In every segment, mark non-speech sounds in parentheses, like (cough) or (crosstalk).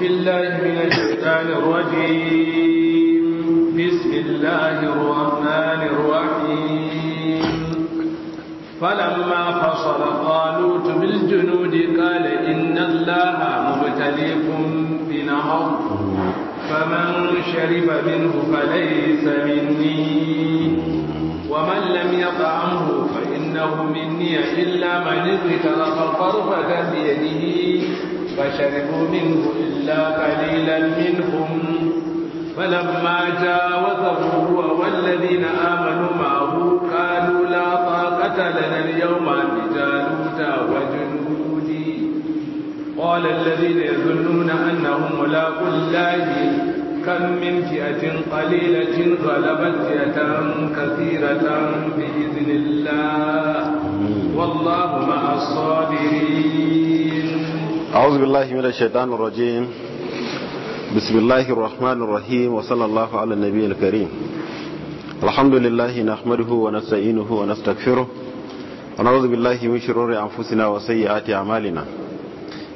بالله من الشيطان الرجيم بسم الله الرحمن الرحيم فلما فصل طالوت بالجنود قال إن الله مبتليكم بنهر فمن شرب منه فليس مني ومن لم يطعمه فإنه مني إلا من اغترف الطرفة بيده فشربوا منه إلا قليلا منهم فلما جاوزه هو والذين آمنوا معه قالوا لا طاقة لنا اليوم بجالوت وجنودي قال الذين يظنون أنهم ملاك الله كم من فئة قليلة غلبت فئة كثيرة بإذن الله والله مع الصابرين أعوذ بالله من الشيطان الرجيم بسم الله الرحمن الرحيم وصلى الله على النبي الكريم الحمد لله نحمده ونستعينه ونستغفره ونعوذ بالله من شرور أنفسنا وسيئات أعمالنا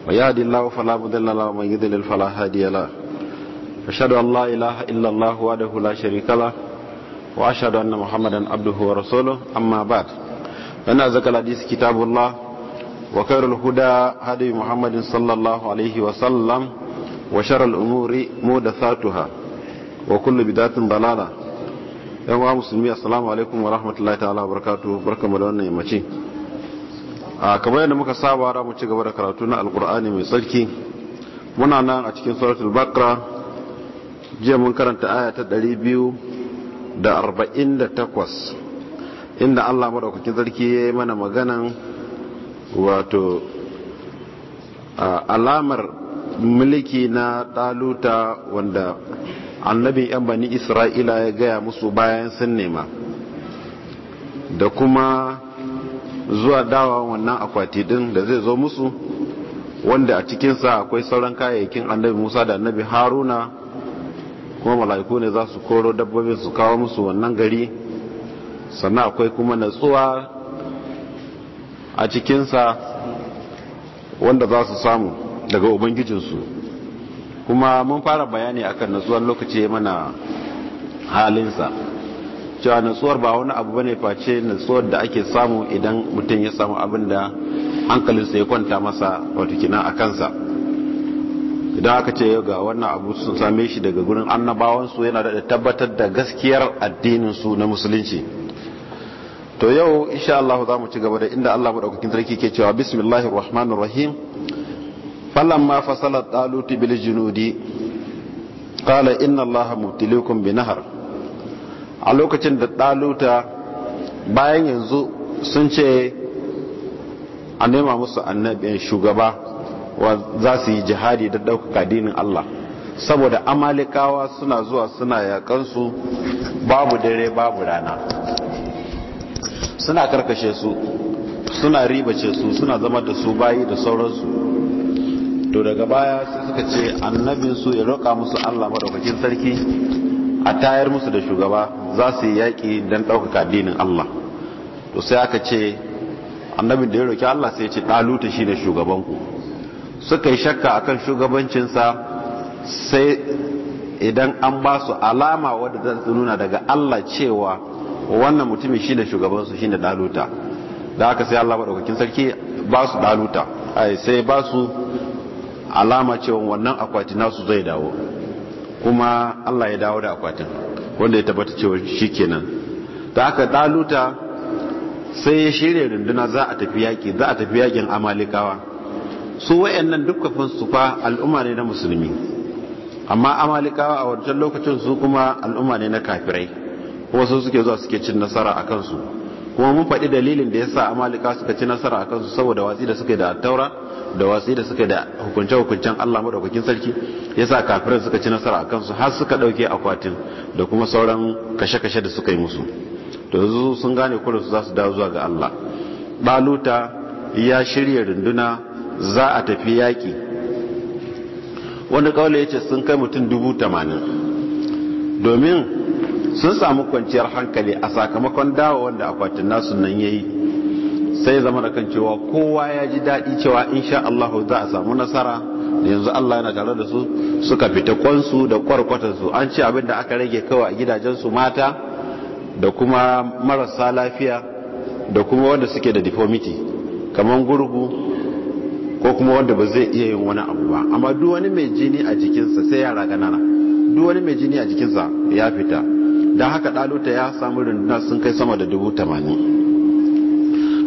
ويهد الله فلا مضل له ومن يضلل فلا هادي له أشهد أن لا إله إلا الله وحده لا شريك له وأشهد أن محمدا عبده ورسوله أما بعد فإن أزكى الحديث كتاب الله وخير الهدى هدي محمد صلى الله عليه وسلم وشر الأمور مودثاتها وكل بداية ضلالة يوم مسلمي السلام عليكم ورحمة الله تعالى وبركاته بركة مدونة يمتي kamar yadda muka saba da mu ci gaba da karatu na alkur'ani mai tsarki muna nan a cikin suratul bakra jiya mun karanta aya ta ɗari biyu da da arba'in 248 inda Allah madaukakin tsarki ya yi mana maganan wato alamar mulki na ɗaluta wanda annabi 'yan bani isra'ila ya gaya musu bayan sun nema da kuma zuwa dawa wannan akwati din da zai zo musu wanda a cikinsa akwai sauran kayayyakin annabi musa da annabi haruna kuma mala'iku ne za su koro dabbobin su kawo musu wannan gari sannan akwai kuma natsuwa a cikinsa wanda za su samu daga ubangijinsu kuma mun fara bayani akan natsuwar lokaci mana halinsa cewa natsuwar ba wani abu bane face natsuwar da ake samu idan mutum ya samu abin da hankalinsa ya kwanta masa watakina a kansa idan aka ce ga wannan abu sun same shi daga gurin annabawansu yana da tabbatar da gaskiyar addininsu na musulunci to yau insha Allah za mu ci gaba da inda Allah madaukakin sarki ke cewa bismillahir rahmanir rahim falamma fasala talut bil junudi qala inna Allah mutilukum bi nahar a lokacin da taluta bayan yanzu sun ce a nema musu annabiyan shugaba wa za su yi jihadi da ɗaukaka dinin Allah saboda amalikawa suna zuwa suna yakansu babu dare babu rana suna karkashe su suna ribace su suna zama da su bayi da sauransu to daga baya sai suka ce annabin su ya roƙa musu Allah madaukakin sarki a tayar musu da shugaba za su yi yaƙi don ɗaukaka addinin Allah to sai aka ce annabin da ya roƙi Allah sai ya ce ɗaluta shi ne shugabanku suka yi shakka akan shugabancinsa sai idan an ba su alama wadda zan nuna daga Allah cewa wannan mutumin shi da shugabansu shi ne daluta da aka sai allah maɗaukakin sarki ba su daluta sai ba su alama cewa wannan akwati nasu zai dawo kuma allah ya dawo da akwatin wanda ya tabbata cewa shi kenan da aka daluta sai ya shirya runduna za a tafi yaƙi za a tafi yaƙin amalikawa su wayannan duk kafin su fa al'umma ne na musulmi amma amalikawa a wancan lokacin su kuma al'umma ne na kafirai kuma suke zuwa suke cin nasara a kansu kuma mun faɗi dalilin da ya sa amalika suka ci nasara a kansu saboda watsi da suka da taura da watsi da suka da hukunce hukuncen Allah maɗaukakin sarki ya sa kafirin suka ci nasara a kansu har suka ɗauke akwatin da kuma sauran kashe-kashe da suka yi musu to yanzu sun gane su za su dawo zuwa ga Allah baluta ya shirya runduna za a tafi yaƙi wani kawai ya ce sun kai mutum dubu tamanin domin sun samu kwanciyar hankali a sakamakon dawo wanda akwatin nasu nan ya yi sai zama da kan cewa kowa ya ji daɗi cewa insha Allah za a samu nasara yanzu Allah yana tare da su suka fita kwansu da kwarkwatarsu an ce abin da aka rage kawai a gidajensu mata da kuma marasa lafiya da kuma wanda suke da deformity kamar gurgu ko kuma wanda ba zai iya yin wani abu ba amma duk wani mai jini a jikinsa sai yara ganana duk wani mai jini a jikinsa ya fita da haka ɗaluta ya samu runduna sun kai sama da dubu tamanin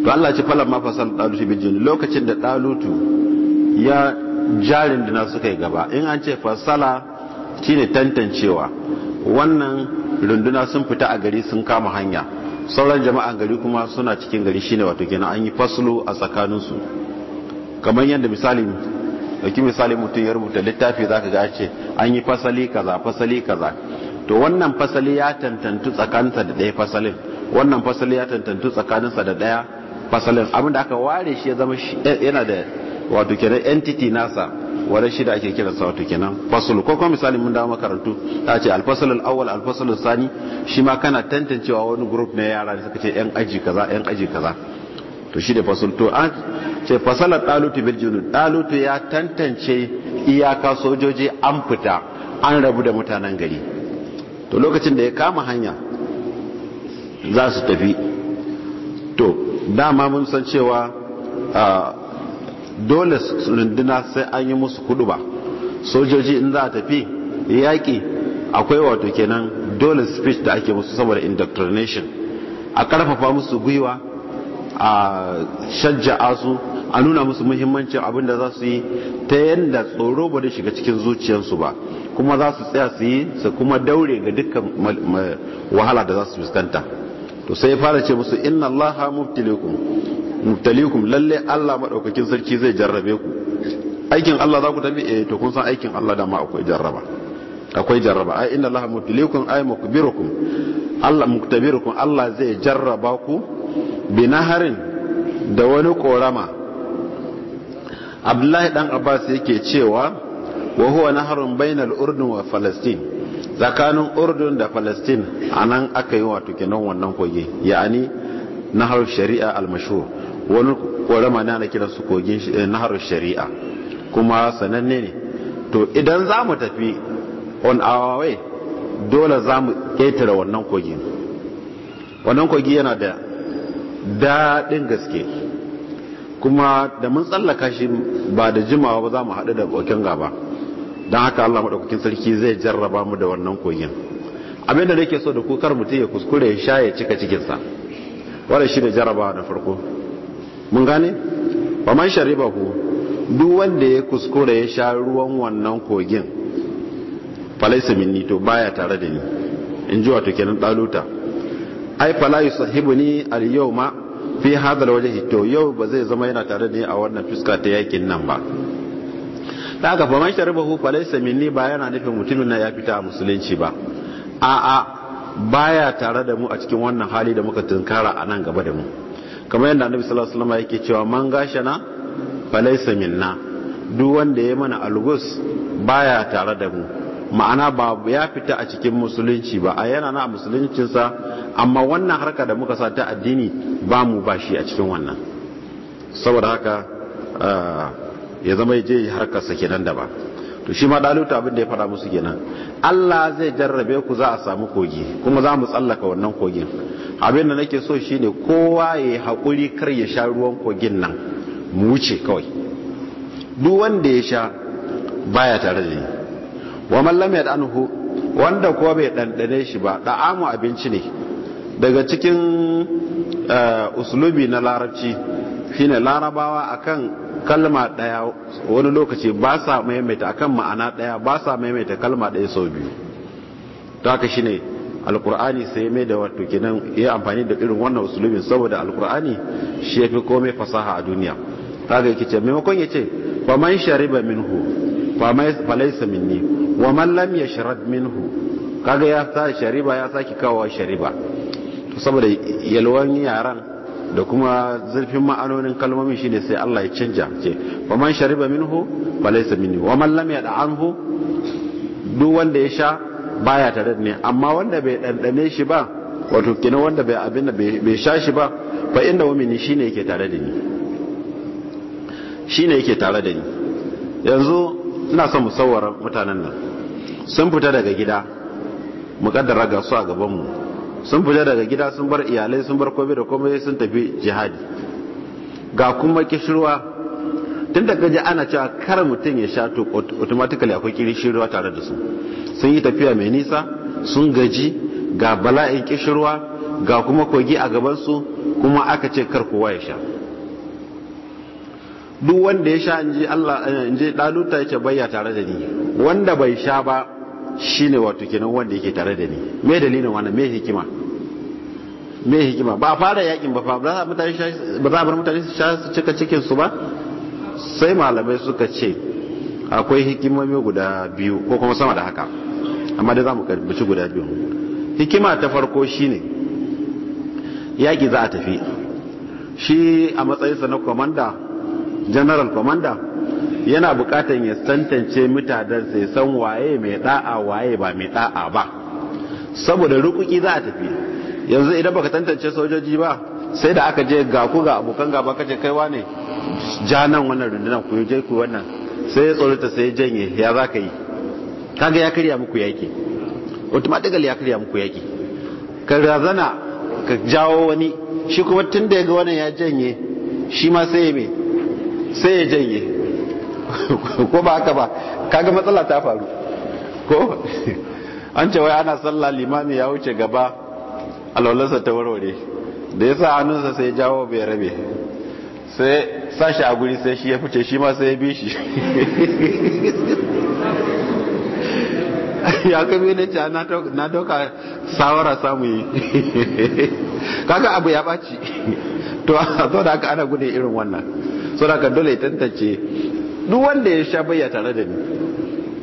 to Allah ce falan ma fasal bi jini lokacin da ɗalutu ya ja runduna suka yi gaba in an ce fasala shine tantancewa wannan runduna sun fita a gari sun kama hanya sauran jama'a gari kuma suna cikin gari shine wato kenan an yi faslu a tsakaninsu kamar yadda misali dauki misali mutum ya rubuta littafi za ka ga ce an yi fasali kaza fasali kaza to wannan fasali ya tantantu tsakaninsa da ɗaya fasalin wannan fasali ya tantantu tsakaninsa da ɗaya fasalin abin da aka ware shi ya zama eh, yana da wato kenan entity nasa wadda shi da ake kiransa wato kenan fasulu ko kuma misali mun dawo makarantu ta ce alfasalul awwal alfasalul sani shi ma kana tantancewa wani group na yara da suka ce yan aji kaza yan aji kaza to shi da fasul to an ce fasalar dalutu bil junud dalutu ya tantance iyaka sojoji an fita an rabu da mutanen gari to lokacin da ya kama hanya za su tafi to dama mun san cewa dole runduna sai an yi musu kudu ba sojoji in za a tafi yaƙi akwai wato kenan dole speech da ake musu saboda indoctrination a ƙarfafa musu gwiwa a shajja'a su a nuna musu muhimmancin abin da za su yi ta yadda tsoro ba da shiga cikin zuciyarsu ba kuma za su tsaya su yi su kuma daure ga dukkan wahala da za su fuskanta to sai ya fara ce musu inna allaha mubtalikum mubtalikum lalle Allah madaukakin sarki zai jarrabe ku aikin Allah za ku tafi eh to kun san aikin Allah da ma akwai jarraba akwai jarraba ai inna allaha mubtalikum ay mukbirukum Allah muktabirukum Allah zai jarraba ku binaharin da wani korama abdullahi dan abbas yake cewa wa huwa naharun bainal urdun wa falastin tsakanin urdun da falastin anan aka yi wato kenan wannan kogi ya'ani nahar shari'a almashur wani korama ne ana kiransu kogin eh, nahar shari'a kuma sananne ne to idan za mu tafi on our way dole za mu ƙetare wannan kogin wannan kogi yana da daɗin gaske kuma da mun tsallaka shi ba da jimawa ba za mu haɗu da ɓokin gaba don haka allah maɗaukakin sarki zai jarraba mu da wannan kogin abinda da yake so da kukar mutum ya kuskure ya sha ya cika cikinsa wadda shi da jarrabawa na farko mun gane ba man shariba ku duk wanda ya kuskure ya sha ruwan wannan kogin falaisa minni to baya tare da ni in ji wato kenan ɗaluta ai fala yusahibuni al-yawma fi hadha al-wajhi to yau ba zai zama yana tare da ni a wannan fuska ta yakin nan ba da aka faman sharibahu falaisa minni ba yana nufin mutumin na ya fita a musulunci ba a'a baya tare da mu a cikin wannan hali da muka tunkara a nan gaba da mu kamar yadda annabi sallallahu alaihi wasallam yake cewa man gashana falaisa minna duk wanda ya mana algus baya tare da mu ma'ana ba ya fita a cikin musulunci ba a yana na musuluncinsa amma wannan harka da muka sa ta addini ba mu ba shi a cikin wannan saboda haka ya zama ya je harkarsa kenan da ba to shi ma daluta abin da ya fada musu kenan Allah zai jarrabe ku za a samu kogi kuma za mu tsallaka wannan kogin abin da nake so shine kowa ya hakuri kar ya sha ruwan kogin nan mu wuce kawai duk wanda ya sha baya tare da ni wa mallam ya danhu wanda ko bai dandane shi ba da'amu abinci ne daga cikin eh, uslubi na larabci shine larabawa akan kalma daya wani lokaci ba sa maimaita akan ma'ana daya ba sa maimaita kalma daya sau biyu to haka shine alkur'ani sai mai da wato kenan ya amfani da irin wannan usulubin saboda alkur'ani shi yafi komai fasaha a duniya kaga yake ce maimakon yace fa man shariba minhu falaisa minni wa man lam yashrab minhu kaga ya sa shariba ya saki kawo shariba saboda yalwan yaran da kuma zurfin ma'anonin kalmomin shine sai Allah ya canja ce wa man shariba minhu falaisa minni wa man lam yad'anhu duk wanda ya sha baya tare da ni amma wanda bai dandane shi ba wato kina wanda bai abin bai sha shi ba fa inda wamini shine yake tare da ni shine yake tare da ni yanzu ina son musawar mutanen nan sun fita daga gida muƙaddara ga su a gabanmu sun fita daga gida sun bar iyalai sun bar kobe da komai sun tafi jihadi ga kuma kishirwa tun da gaji ana cewa kar mutum ya sha to automatically akwai kishirwa tare da su sun yi tafiya mai nisa sun gaji ga bala'in kishirwa ga kuma kogi a gabansu kuma aka ce kar kowa ya sha duk wanda ya sha inji Allah eh, inji daluta yake bayya tare da ni wanda bai sha ba shine wato kenan wanda yake tare da ni me dalilin wannan me hikima me hikima ba fara yakin ba ba za a bar mutane su sha su cika cikin su ba sai malamai suka ce akwai hikimomi guda biyu ko kuma sama da haka amma dai za mu karbici guda biyu hikima ta farko shine yaki za a tafi shi a matsayinsa na komanda general commander yana bukatan ya tantance mutadansa ya san waye mai da'a waye ba mai da'a ba saboda rukuki za a tafi yanzu idan baka tantance sojoji ba sai da aka je ga ku ga abokan gaba kace kai wane ja nan wannan rundunar ku je ku wannan sai ya tsorata sai ya janye ya za ka yi kaga ya karya muku yaki automatically ya karya muku yaki ka razana ka jawo wani shi kuma tun da ya ga wannan ya janye shi ma sai ya sai ya janye ko ba haka ba kaga matsala ta faru ko an ce wai ana sallah limami ya wuce gaba alwalarsa ta warware da ya sa hannunsa sai jawo bai rabe sai sashi a guri sai shi ya fice shi ma sai ya bi shi (laughs) ya kame da ce na doka sawara samu yi (laughs) kaga abu ya ɓaci (laughs) to a zo da aka ana gudun irin wannan suna ka dole tantance duk wanda ya sha bayya tare da ni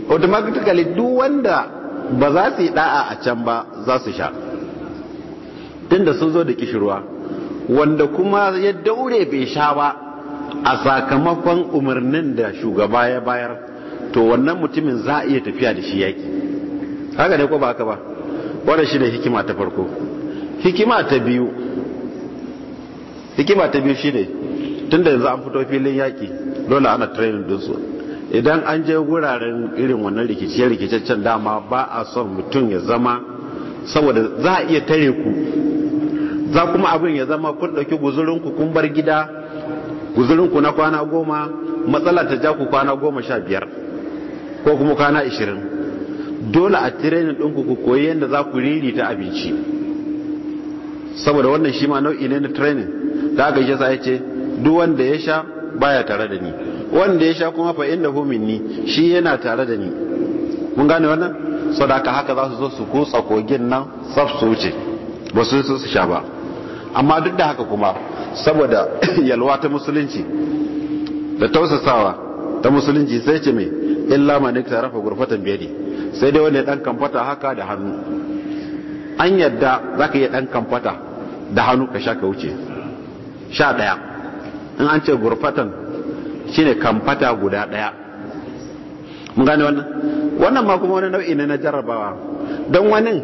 automatically duk wanda ba za su yi da'a a can ba za su sha tunda sun zo da kishirwa wanda kuma ya daure bai sha ba a sakamakon umarnin da shugaba ya bayar to wannan mutumin za a iya tafiya da shi yaki haka ne ko ba haka ba wannan shi ne hikima ta farko hikima ta biyu hikima ta biyu shi ne Tun da yanzu an fito filin yaƙi dole ana training su idan an je wuraren irin wannan rikice-rikicen dama ba a son mutum ya zama saboda za a iya tare ku za kuma abin ya zama kun ɗauki guzurinku kun bar gida guzurinku na kwana goma matsala ta ja ku kwana goma sha biyar ko kuma kwana ishirin dole a tirenin ɗinku ku koyi yadda za ku riri ta abinci saboda wannan shi ma nau'i ne na training da aka yi sa ya ce duk wanda ya sha baya tare da ni wanda ya sha kuma fa innahu minni shi yana tare da ni mun gane wannan sadaka haka za su zo su kutsa kogin nan saf su wuce ba su su sha ba amma duk da haka kuma saboda (coughs) yalwa ta musulunci da tausasawa ta musulunci sai ce mai illa ma nika rafa gurfatan biyadi sai dai wanda ya dan kamfata haka da hannu an yadda zaka iya dan kamfata da hannu ka sha ka wuce sha daya in an ce gurfatan shine kamfata guda daya mun gane wannan wannan ma kuma wani nau'i ne na jarrabawa don wani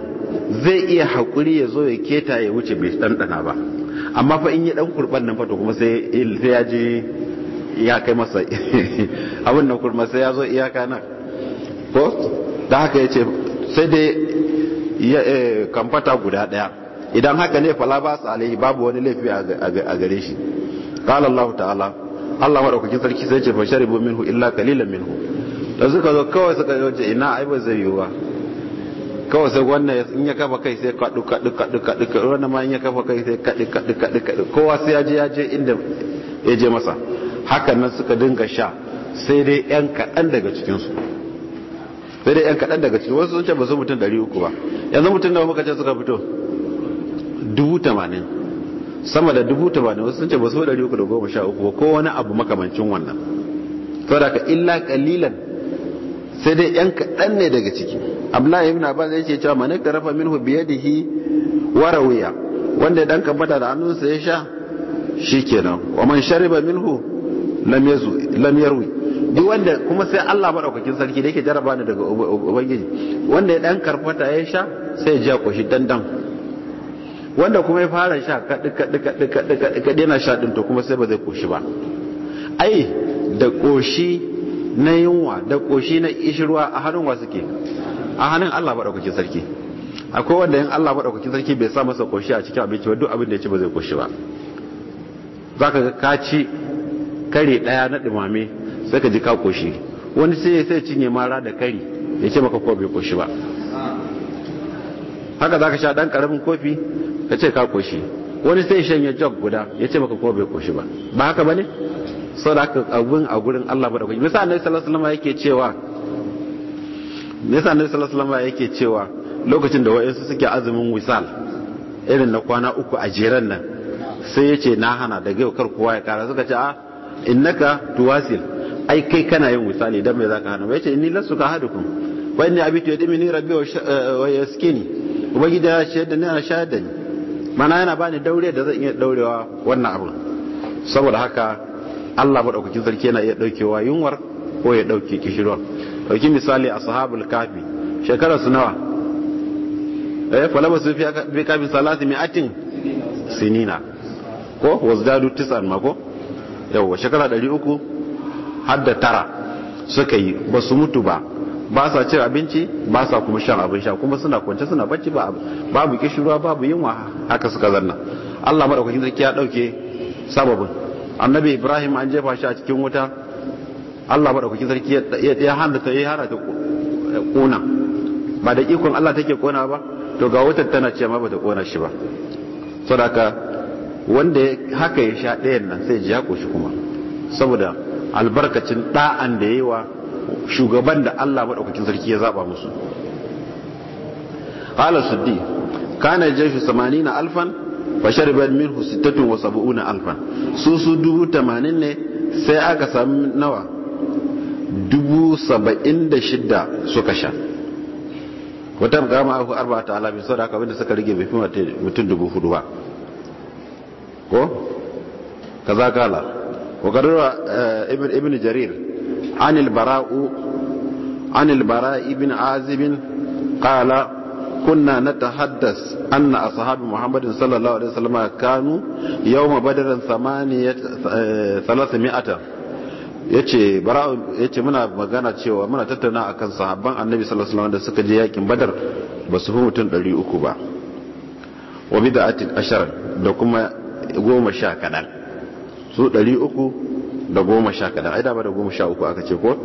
zai iya haƙuri ya zo ya keta ya wuce bai ɗanɗana ba amma fa in yi ɗan kurɓar nan fato kuma sai ya ji ya kai masa (laughs) abin nan kurma sai ya zo iyaka nan ko da haka ya ce sai dai eh, kamfata guda ɗaya idan haka ne fala ba su alaihi babu wani laifi a gare shi qala Allah ta'ala Allah madaukakin sarki sai ce fasharibu minhu illa qalilan minhu da suka zo kawai suka yace ina ai ba zai yiwa kawai sai wannan in ya kafa kai sai kadu kadu kadu kadu wannan ma in ya kafa kai sai kadu kadu kadu kadu kowa sai ya je ya je inda ya je masa hakan nan suka dinga sha sai dai yan kadan daga cikin su sai dai yan kadan daga cikin wasu sun ce ba su mutum 300 ba yanzu mutum da muka ce suka fito 80 sama da dubu tamanin wasu sun ce ba su ɗari uku da goma sha uku ba ko wani abu makamancin wannan da ka illa kalilan sai dai yan kaɗan ne daga ciki abdullahi ibn abbas yake cewa man tarafa minhu bi yadihi wa rawiya wanda dan kambata da hannunsa ya sha shikenan wa man shariba minhu lam yazu lam yarwi duk wanda kuma sai Allah madaukakin sarki da yake jaraba ni daga ubangiji wanda ya dan karfata ya sha sai ya ja koshi dandan wanda kuma ya fara sha kaɗi kaɗi kaɗi kaɗi kaɗi yana sha ɗin to kuma sai ba zai koshi ba ai da koshi na yunwa da koshi na ishirwa a hannun wa suke a hannun Allah ɗaukakin sarki akwai wanda yin Allah ɗaukakin sarki bai sa masa koshi a cikin abinci ba duk abin da ya ci ba zai koshi ba za ka ka ci kare ɗaya na ɗumame sai ka ji ka koshi wani sai ya sai cinye mara da kari ya ce maka ko bai koshi ba haka za ka sha ɗan ƙaramin kofi ka ce ka koshi wani sai shanye jog guda ya ce maka kuma bai koshi ba ba haka bane da haka abun a gurin Allah madaukaki misa annabi sallallahu alaihi wasallam yake cewa misa annabi sallallahu alaihi wasallam yake cewa lokacin da wayansu suke azumin wisal irin na kwana uku a jeran nan sai ya ce na hana daga yau kar kowa ya kara suka ce a ah, innaka tuwasil ai kai kana yin wisali dan me zaka hana yace inni lasu ka hadukum wa inni abitu yadimini rabbi eh, wa yaskini ubangiji ya shayar da ana shayar da ni mana yana bani daure da zan iya daurewa wannan abun saboda haka Allah madaukakin sarki yana iya daukewa yunwar ko ya dauke kishirwar dauki misali ashabul kafi shekara su nawa eh falama su fi kafi salati mi'atin sinina ko wazdadu tis'an ma ko yawa shekara 300 har da tara suka yi ba su mutu ba ba sa cin abinci ba sa kuma shan abin sha kuma suna kwance suna bacci ba babu kishirwa babu yunwa haka suka zanna Allah madaukakin sarki ya dauke sababin annabi Ibrahim an jefa shi a cikin wuta Allah madaukakin sarki ya hana ta ya hana ta kona ba da ikon Allah take kona ba to ga wutar tana ce ma bata kona shi ba saboda wanda haka ya sha ɗayan nan sai ji ya koshi kuma saboda albarkacin da'an da yayi wa shugaban da Allah maɗaukakin sarki ya zaba musu qala suddi kana samani 80 alfan fa sharibat minhu 76 alfan su su dubu 80 ne sai aka samu nawa dubu 76 suka sha wata gama aku arba ta alamin sau da aka wanda suka rige bai fi mutum dubu hudu ba ko kaza kala kokarin eh, ibn jarir عن البراء عن البراء بن عازب قال كنا نتحدث أن أصحاب محمد صلى الله عليه وسلم كانوا يوم بدر ثمانية ثلاثمائة yace bara'u yace muna magana cewa muna tattauna akan sahabban annabi sallallahu alaihi wasallam da suka je yakin badar ba su fi mutum 300 ba wa bid'atin ashar da kuma goma sha kadan su 300 da goma sha kaɗan ai ba da goma sha uku aka ce ko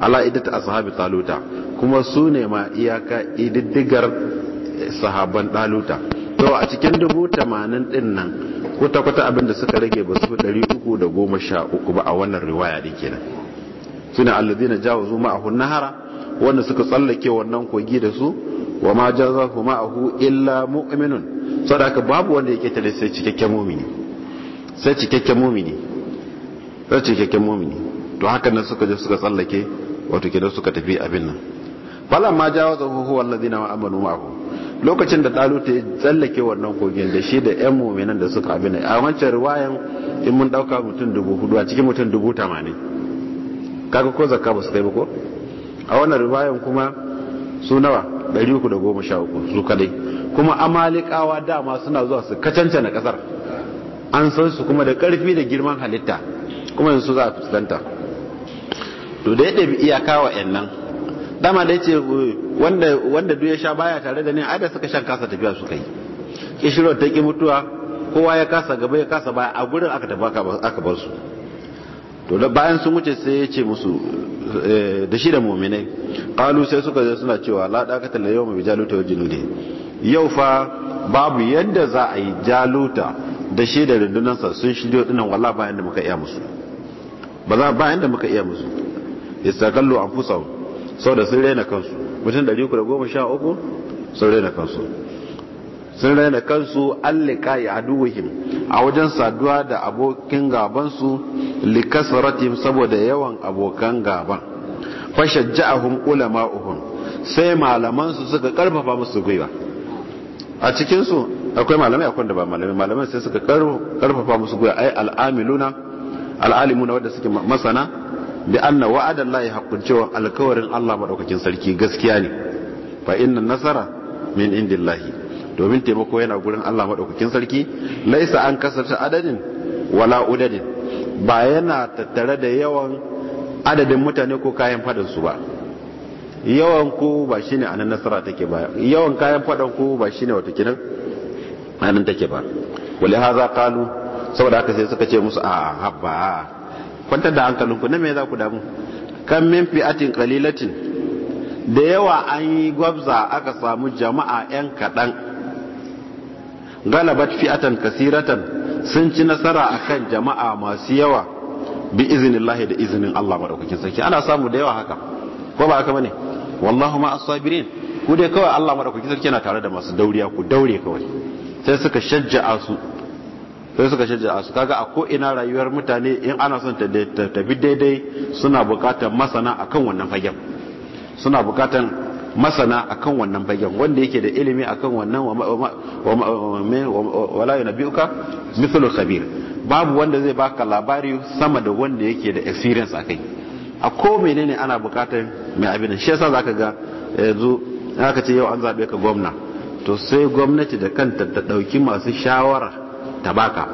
ala idata ashabi taluta kuma su ne ma iyaka ididdigar sahaban taluta to a cikin dubu tamanin din nan kwata-kwata abinda suka rage ba su ɗari uku da goma sha uku ba a wannan riwaya da kenan suna alladina jawazu ma'ahu nahara wanda suka tsallake wannan kogi da su wa ma jazahu ma'ahu illa mu'minun sadaka babu wanda yake tare sai cikakken mumini sai cikakken mumini zai ce kyakken to hakan nan suka je suka tsallake wato kenan suka tafi abin nan fala ma jawaza huwa alladhina amanu ma'ahu lokacin da taluta ya tsallake wannan kogin da shi da yan muminan da suka abin a wancan riwayan in mun dauka mutum dubu hudu a cikin mutum dubu tamanin kaga ko zakka ba su kai ba ko a wannan riwayan kuma su nawa uku su kadai kuma amalikawa dama suna zuwa su kacanta na kasar an san su kuma da karfi da girman halitta kuma yanzu za a fuskanta to da ya ɗabi iyaka wa nan dama da ya ce wanda duk ya sha baya tare da ni ai da suka shan kasa tafiya suka yi kishirwar ta ki mutuwa kowa ya kasa gaba ya kasa baya a gurin aka tafi aka bar su to da bayan sun wuce sai ya ce musu eh, da shi da muminai kalu sai suka zai suna cewa la dakatar da yau mai jaluta wajen ne yau fa babu yadda za a yi jaluta da shi da rundunansa sun shirya dinan wala bayan da muka iya musu ba za ba yanda muka iya musu yastaqallu sau saboda sun raina kansu mutum 313 sun raina kansu sun raina kansu lika ya aduwihim a wajen saduwa da abokin gabansu su likasratim saboda yawan abokan gaban fashajja'ahum ulama'uhum sai malamansu suka karfafa musu gwiwa a cikinsu akwai malamai akwai da ba malamai malamai sai suka karfafa musu gwiwa ai al'amiluna al'alimu na wadda suke masana bi anna wa'ada Allah haqqun cewa alkawarin Allah madaukakin sarki gaskiya ne fa inna nasara min indillahi domin taimako yana gurin Allah madaukakin sarki laisa an kasarta adadin wala udadin ba yana tattare da yawan adadin mutane ko kayan fadin su ba yawan ku ba shine anan nasara take ba yawan kayan fadan ku ba shine wata kinan anan take ba walahaza qalu saboda haka sai suka ce musu a habba kwantar da hankalinku na me za ku damu kan min fi'atin qalilatin da yawa an yi gwabza aka samu jama'a yan kaɗan galabat fi'atan kasiratan sun ci nasara akan jama'a masu yawa bi lahi da izinin Allah maɗaukakin sarki ana samu da yawa haka ko ba haka bane wallahu ma ku dai kawai Allah maɗaukakin sarki yana tare da masu dauriya ku daure kawai sai suka shajja'a su sai suka shirya su kaga a ko ina rayuwar mutane in ana son ta tafi daidai suna bukatar masana akan wannan fagen suna bukatar masana akan wannan fagen wanda yake da ilimi akan wannan wala yunabbiuka mithlu khabir babu wanda zai baka labari sama da wanda yake da experience akai a ko menene ana bukatar mai abin shi yasa zaka ga yanzu ka ce yau an zabe ka gwamna to sai gwamnati da kanta ta dauki masu shawara ta baka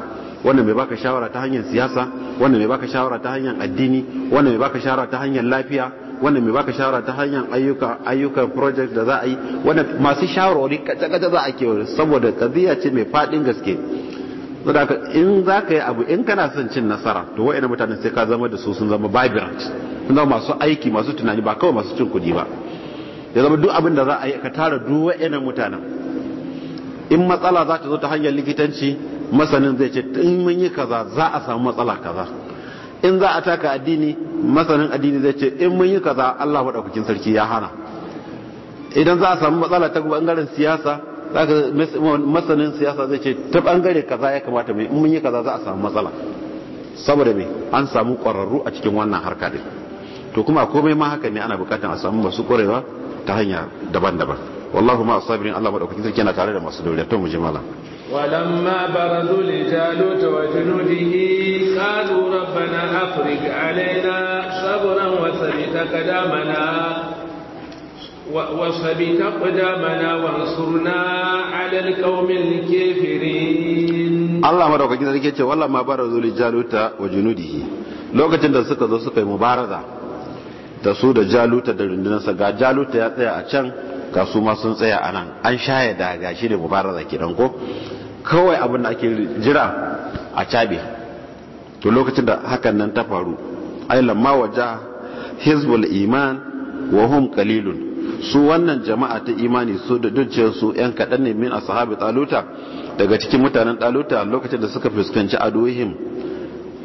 wannan mai baka shawara ta hanyar siyasa wannan mai baka shawara ta hanyar addini wannan mai baka shawara ta hanyar lafiya wannan mai baka shawara ta hanyar ayyuka ayyukan project da za a yi wannan masu shawarwari kaca-kaca za a kewaye saboda kadiya ce mai fadin gaske saboda in za ka yi abu in kana son cin nasara to wa'ina mutanen sai ka zama da su sun zama vibrant sun zama masu aiki masu tunani ba kawai masu cin kuɗi ba ya zama duk abin da za a yi ka tara duk wa'ina mutanen in matsala za ta zo ta hanyar likitanci masanin zai ce in mun yi kaza za a samu matsala kaza in za a taka addini masanin addini zai ce in mun yi kaza Allah madaukakin sarki ya hana idan za a samu matsala ta bangaren siyasa zaka masanin siyasa zai ce ta bangare kaza ya kamata mai in mun yi kaza za a samu matsala saboda me an samu kwararru a cikin wannan harka din to kuma komai ma haka ne ana bukatan a samu masu kwarewa ta hanya daban-daban wallahu ma asabirin Allah madaukakin sarki yana tare da masu dole to mu ji malam ولما برزوا لجالوت وجنوده قالوا ربنا أفرق علينا صبرا وثبت قدامنا وثبت قدامنا وانصرنا على القوم الكافرين الله مرحبا sarki yace ولما برزوا لجالوت وجنوده jaluta wa junudihi lokacin da suka da su da jaluta da rundunarsa ga jaluta ya tsaya a can ga su ma sun tsaya a nan an shaya da ga shi ne mubaraza kidan ko kawai abin da ake jira a cabe to lokacin da hakan nan ta faru ai lamma waja hizbul iman wa hum qalilun su wannan jama'a ta imani su da dukkan su yan kaɗan ne min ashabi taluta daga cikin mutanen taluta lokacin da suka fuskanci adohim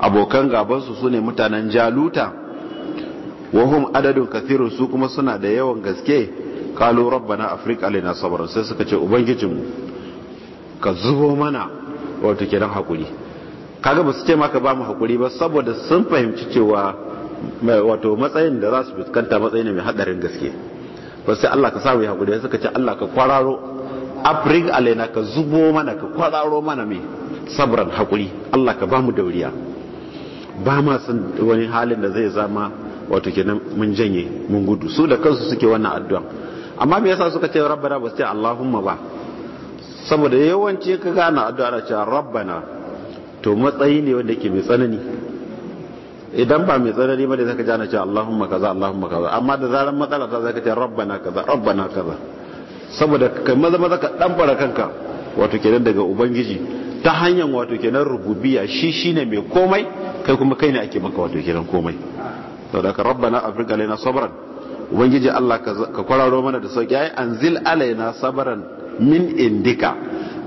abokan gabansu su sune mutanen jaluta Wahum adadin adadun su kuma suna da yawan gaske kalu rabbana afrika alaina sabran sai suka ce ubangijinmu ka zubo mana wato kenan hakuri kaga ba su ce maka ba mu hakuri ba saboda sun fahimci cewa wato matsayin da za su fuskanta matsayi ne mai hadarin gaske ba sai Allah ka samu hakuri suka ce Allah ka kwararo afrik alaina ka zubo mana ka kwararo mana mai sabran hakuri Allah ka ba mu dauriya ba ma wani halin da zai zama wato kenan mun janye mun gudu su da kansu suke wannan addu'a amma me yasa suka ce rabbana ba su ce Allahumma ba saboda yawanci ka gana addu'a ana cewa rabbana to matsayi ne wanda ke mai tsanani idan ba mai tsanani ba ne zaka ji ana cewa allahumma kaza allahumma kaza amma da zaran matsala ta zaka ce rabbana kaza rabbana kaza saboda kai maza maza ka dan fara kanka wato kenan daga ubangiji ta hanyar wato kenan rububiyya shi shine mai komai kai kuma kai ne ake maka wato kenan komai saboda ka rabbana afrika lana sabran ubangiji Allah ka kwararo mana da sauki ai anzil alaina sabran min indika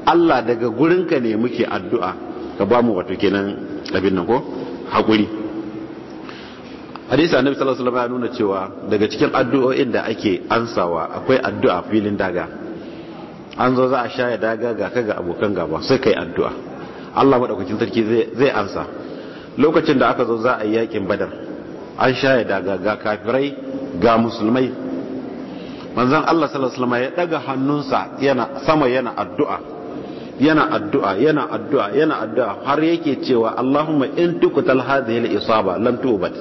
Allah daga gurinka ne muke addu'a ka ba mu wato kenan abin nan ko haƙuri hadisa annabi sallallahu alaihi wasallam ya nuna cewa daga cikin addu'o'in da ake ansawa akwai addu'a filin daga an zo za a shaya daga ga ka ga abokan gaba sai kai addu'a Allah madaukakin sarki zai ansa lokacin da aka zo za a yi yakin badar an shaya daga ga kafirai ga musulmai manzon Allah sallallahu alaihi wasallam ya daga hannunsa yana sama yana addu'a yana addu'a yana addu'a yana addu'a har yake cewa Allahumma in tukutal hadhihi al-isaba lam tubat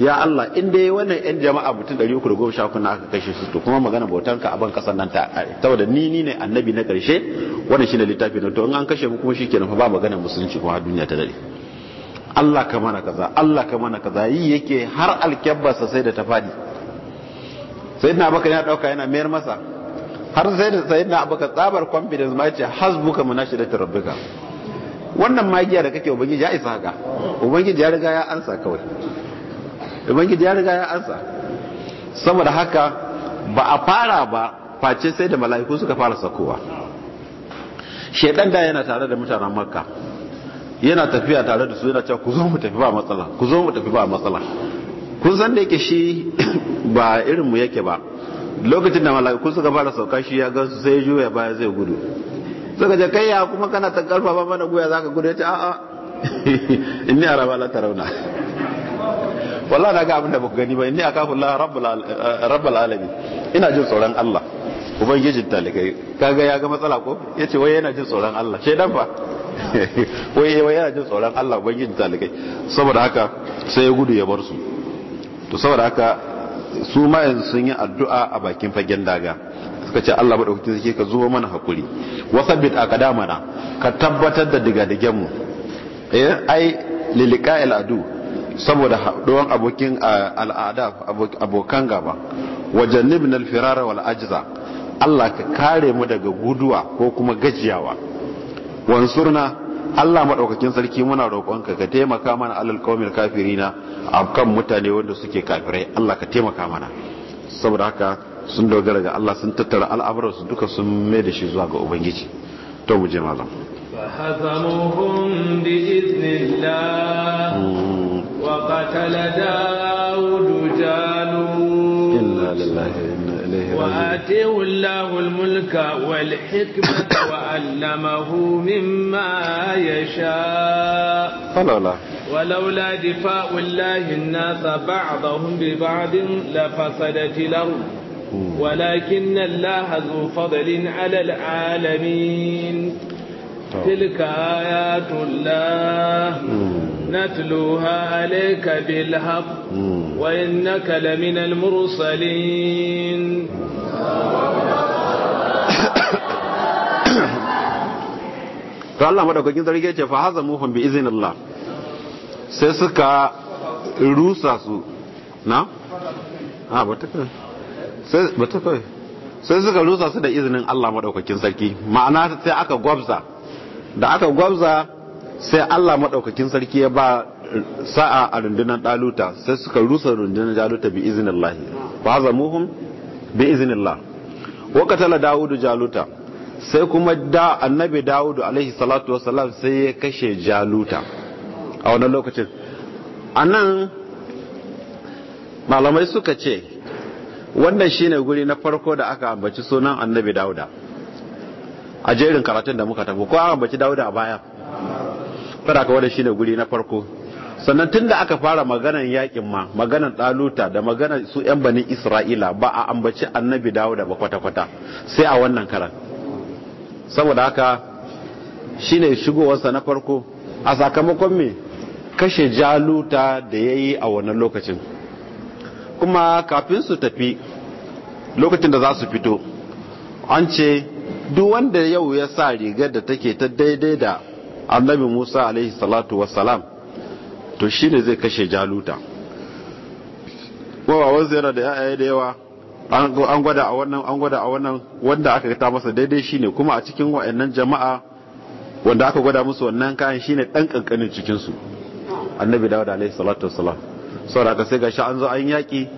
ya Allah in dai wannan yan jama'a mutum 310 kuna aka kashe su to kuma magana bautan ka a ban kasan nan ta saboda ni ni ne annabi na karshe wannan shine littafi na to in an kashe mu kuma shikenan fa ba magana musulunci kuma duniya ta dare Allah ka mana kaza Allah ka mana kaza yi yake har alkyabarsa sai da ta fadi na abubakar yana dauka yana mayar masa har na abubakar tsabar confidence ma yace hasbuka munashidatu rabbika wannan magiya da kake ubangiji ya isa haka ubangiji ya riga ya ansa kawai ubangiji ya riga ya ansa saboda haka ba a fara ba face sai da mala'iku suka fara sakowa shedan da yana tare da mutanen makka yana tafiya tare da su yana cewa ku zo mu tafi ba matsala ku zo mu tafi ba matsala kun san da yake shi (coughs) ba irin mu yake ba lokacin da mala'iku suka fara sauka shi ya gansu sai ya juya baya zai gudu suka je kai ya kuma kana ta ba mana guya zaka gudu ya ce a'a (laughs) inni araba la tarawna (laughs) wallahi na ga abin da ba ku gani ba inni akafu la rabbul alamin ina jin tsoron Allah ubangijin talikai kaga ya ga matsala ko yace wai yana jin tsoron Allah dan fa (laughs) wai wai yana jin tsoron Allah ubangijin talikai saboda haka sai ya gudu ya bar su to saboda haka su ma yanzu sun yi addu'a a bakin fagen daga suka ce Allah madaukakin sarki ka zuwa mana hakuri wa sabbit aqdamana ka tabbatar da digadigen mu eh ai liliqa'il adu saboda haɗuwan abokin al'ada abokan gaba wajen nibin alfirara wal ajza Allah ka kare mu daga guduwa ko kuma gajiyawa wansurna Allah madaukakin sarki muna roƙonka ka taimaka mana alal qaumil kafirina kan mutane wanda suke kafirai Allah ka taimaka mana saboda haka sun dogara ga Allah sun tattara al'amuran duka sun mai da shi zuwa ga ubangiji to mu je malam فهزموهم بإذن الله hmm. وقتل داود وآتيه الله الملك والحكمة (coughs) وعلمه مما يشاء ولولا دفاع الله الناس بعضهم ببعض لفسدت الأرض ولكن الله ذو فضل على العالمين تلك آيات الله نتلوها عليك بالحق وإنك لمن المرسلين to Allah madaukakin sarki ya ce fa haza muhum bi iznillah sai suka rusa su na a bata kai sai bata kai sai suka rusa su da izinin Allah madaukakin sarki ma'ana sai aka gwabza da aka gwabza sai Allah maɗaukakin sarki ya ba sa'a a rundunar ɗaluta sai suka rusa rundunar jaluta bi izinin lahi ba za muhun bi izinin lah wakatala dawudu jaluta sai kuma da annabi dawudu alaihi salatu wasalam sai ya kashe jaluta a wannan lokacin a nan malamai suka ce wannan shine guri na farko da aka ambaci sunan annabi dawuda a jerin karatun da muka tafi ko an ambaci dawuda a baya saraka wanda shine guri na farko sannan tun da aka fara maganan yakin ma maganan daluta da maganan su yan bani isra'ila ba a ambaci annabi dawo da ba kwata-kwata sai a wannan karan saboda haka shine shigowarsa na farko a sakamakon me kashe jaluta da yayi a wannan lokacin kuma kafin su tafi lokacin da za su fito an ce duk wanda yau ya sa rigar da take ta daidai da annabi musa alaihi salatu wasalam to shi ne zai kashe jaluta wanzu yana da ya'ya da yawa an gwada a wannan an gwada a wannan wanda aka ta masa daidai shine kuma a cikin wa'annan jama'a wanda aka gwada musu wannan kayan shine dan kankanin cikin su annabi dawud alaihi salatu wassalam saboda ka sai gashi an zo an yaki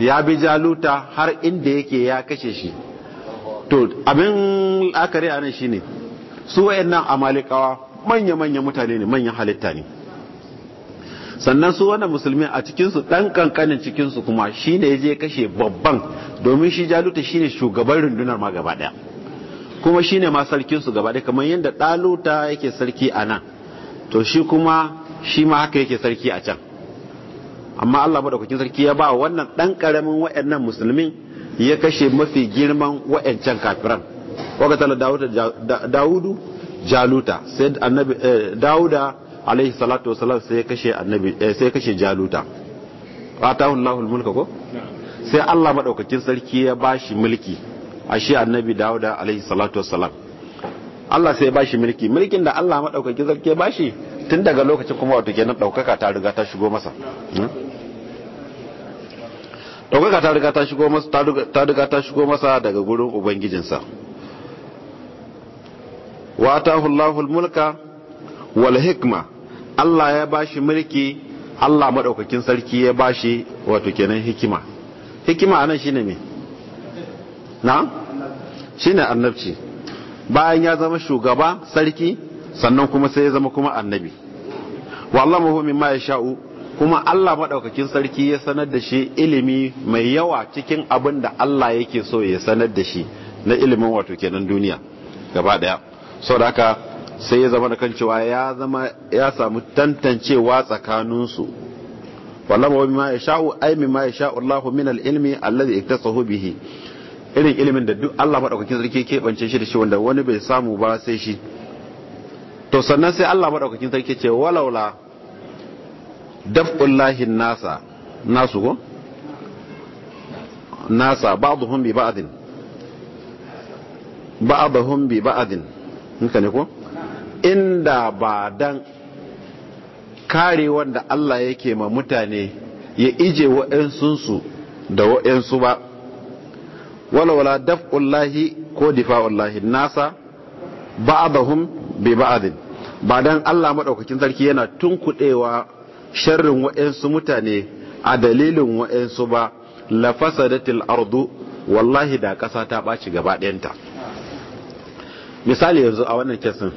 ya bi jaluta har inda yake ya kashe shi to abin akare anan shine su wa'annan amalikawa manya-manya mutane ne manyan halitta ne sannan su wannan musulmi a cikinsu ɗan ƙanƙanin cikinsu kuma shi ne ya je kashe babban domin shi jaluta shi ne shugaban rundunar ma gaba ɗaya kuma shi ne ma sarkinsu gaba ɗaya kamar yadda ɗaluta yake sarki a nan to shi kuma shi ma haka yake sarki a can amma Allah madaukakin sarki ya ba wannan ɗan ƙaramin wa'annan musulmin ya kashe mafi girman wa'ancan kafiran wakatalar daudu. jaluta sai annabi eh, dauda alaihi salatu wasalam sai kashe annabi eh, sai kashe jaluta atahu allah mulka ko sai Allah madaukakin sarki ya bashi mulki ashe annabi dauda alaihi salatu wasalam Allah sai ya bashi mulki mulkin da Allah madaukakin sarki ya bashi tun daga lokacin kuma wato kenan daukaka ta riga ta shigo masa daukaka hmm? ta riga ta shigo masa ta riga ta shigo masa daga gurin ubangijinsa wa atahu Allahul mulka wal hikma Allah ya bashi mulki Allah madaukakin sarki ya bashi wato kenan hikima hikima anan shine me na shine annabci bayan ya zama shugaba sarki sannan kuma sai ya zama kuma annabi ma ya sha'u kuma Allah madaukakin sarki ya sanar da shi ilimi mai yawa cikin abin da Allah yake so ya sanar da shi na ilimin wato kenan duniya gaba ɗaya. saboda aka sai ya zama da kan cewa ya zama ya samu tantancewa tsakaninsu wallahu wa bima yasha'u ay mimma yasha'u Allahu min al-ilmi alladhi iktasahu bihi irin ilimin da duk Allah madaukakin sarki ke bance shi da shi wanda wani bai samu ba sai shi to sannan sai Allah madaukakin sarki ce walaula daf'ullahi nasa nasu ko? nasa ba'dhum bi ba'din ba'dhum bi ba'din nuka ne ko inda ba dan kare wanda Allah yake ma mutane ya ije wa'ansunsu da wa'ansu ba walawala daf'ullahi ko difa'ullahi nasa ba'adahum bi ba'adin ba dan Allah madaukakin sarki yana tunkudewa sharrin wa'ansu mutane a dalilin wa'ansu ba lafasadatil ardu wallahi da ƙasa ta ɓaci gaba ɗayanta misali yanzu a wannan kesin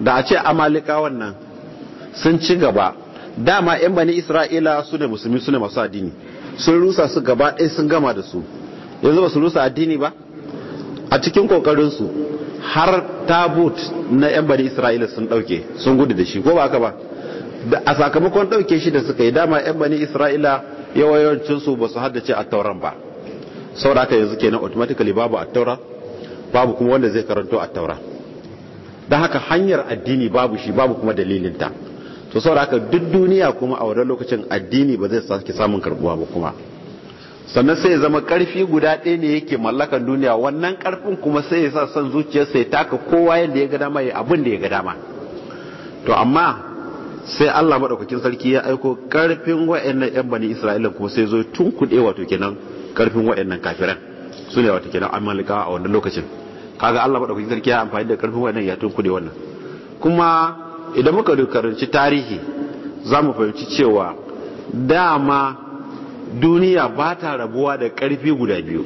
da a ce amalika wannan sun ci gaba dama 'yan bani isra'ila su ne musulmi su ne masu addini sun rusa su gaba ɗaya sun gama da su yanzu ba su rusa addini ba a cikin kokarinsu har tabut na 'yan bani isra'ila sun ɗauke sun gudu da shi ko ba haka ba a sakamakon ɗauke shi da suka yi dama 'yan bani isra'ila yawayancinsu ba su haddace a tauran ba da haka yanzu kenan automatically babu a tauran babu kuma wanda zai karanto a taura don haka hanyar addini babu shi babu kuma dalilinta to saboda haka duk duniya kuma a wadannan lokacin addini ba zai sake samun karbuwa ba kuma sannan sai ya zama karfi guda ɗaya ne yake mallakan duniya wannan karfin kuma sai ya sa son zuciyarsa sai taka kowa yadda ya ga dama ya abin da ya ga dama to amma sai Allah madaukakin sarki ya aiko karfin wayannan yan bani Isra'ila kuma sai zo tun kuɗe wato kenan karfin wayannan kafiran su ne wato kenan amalika a wannan lokacin kaga Allah madaukakin sarki ya amfani da karfin wannan ya tunkude wannan kuma idan muka karanci tarihi za mu fahimci cewa dama duniya ba ta rabuwa da karfi guda biyu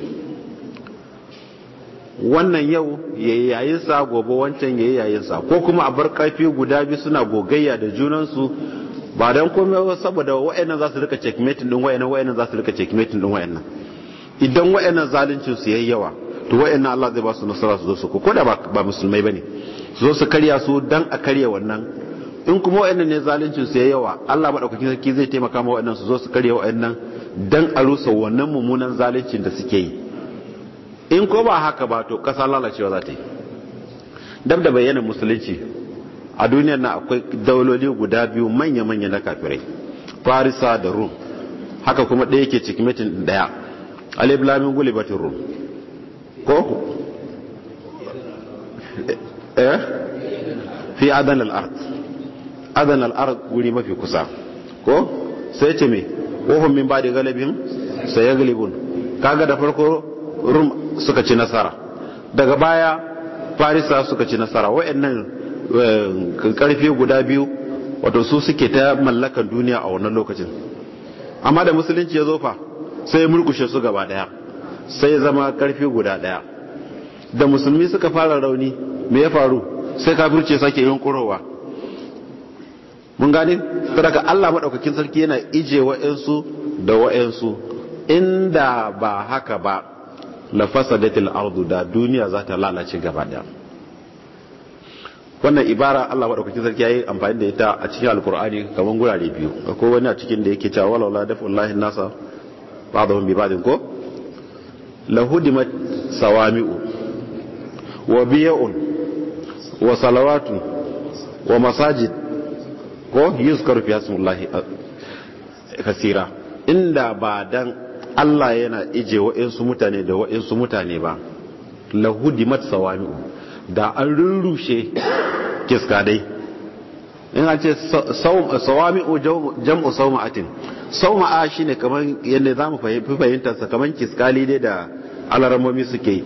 wannan yau yayi sa gobe wancan yayi sa ko kuma a bar karfi guda biyu suna gogayya da junansu ba don kuma saboda wa'annan za su rika checkmate din wa'annan wa'annan za su rika checkmate din wa'annan idan wa'annan zaluncin su yayi yawa to nan Allah zai ba su nasara su zo su ko da ba musulmai bane su zo su karya su dan a karya wannan in kuma wayannan ne zaluncin su ya yawa Allah madaukakin sarki zai taimaka ma wayannan su zo su karya nan dan a rusa wannan mummunan zaluncin da suke yi in ko ba haka ba to kasa lalacewa za ta yi dab da bayyana musulunci a duniyar na akwai dauloli guda biyu manya-manya na kafirai farisa da rum haka kuma ɗaya ke cikin mitin ɗaya lamin gulibatin rum ko eh, eh? fi adan al-ard adan mafi kusa ko sai ce me wahum min ba'di galibin sayaglibun kaga da farko rum suka ci nasara daga baya farisa suka ci nasara wayannan eh, karfe guda biyu wato su suke ta mallakan duniya a wannan lokacin amma da musulunci ya zo fa sai murkushe su gaba daya sai zama karfi guda daya da musulmi suka fara rauni me ya faru sai kafirce sake yunkurowa mun gane sadaka Allah madaukakin sarki yana ije wa'ansu da wa'ansu inda ba haka ba la fasadatil ardu da duniya za ta lalace gaba daya wannan ibara Allah madaukakin sarki yayi amfani da ita a cikin alkur'ani kaman gurare biyu akwai wani a cikin da yake cewa dafu dafullahi nasa ba ba'dahum bi din ko lahudimat sawami'u wa biya'un wa salawatun wa masajid ko yuzkaru fi hasmullahi kasira inda ba dan Allah yana ije wa'insu mutane da wa'insu mutane ba lahudimat sawami'u da an rurrushe dai in an ce sawami'u jam'u sauma'atin sauma'a shine kaman yadda zamu fahimta sa kaman kiskali dai da alaramomi suke yi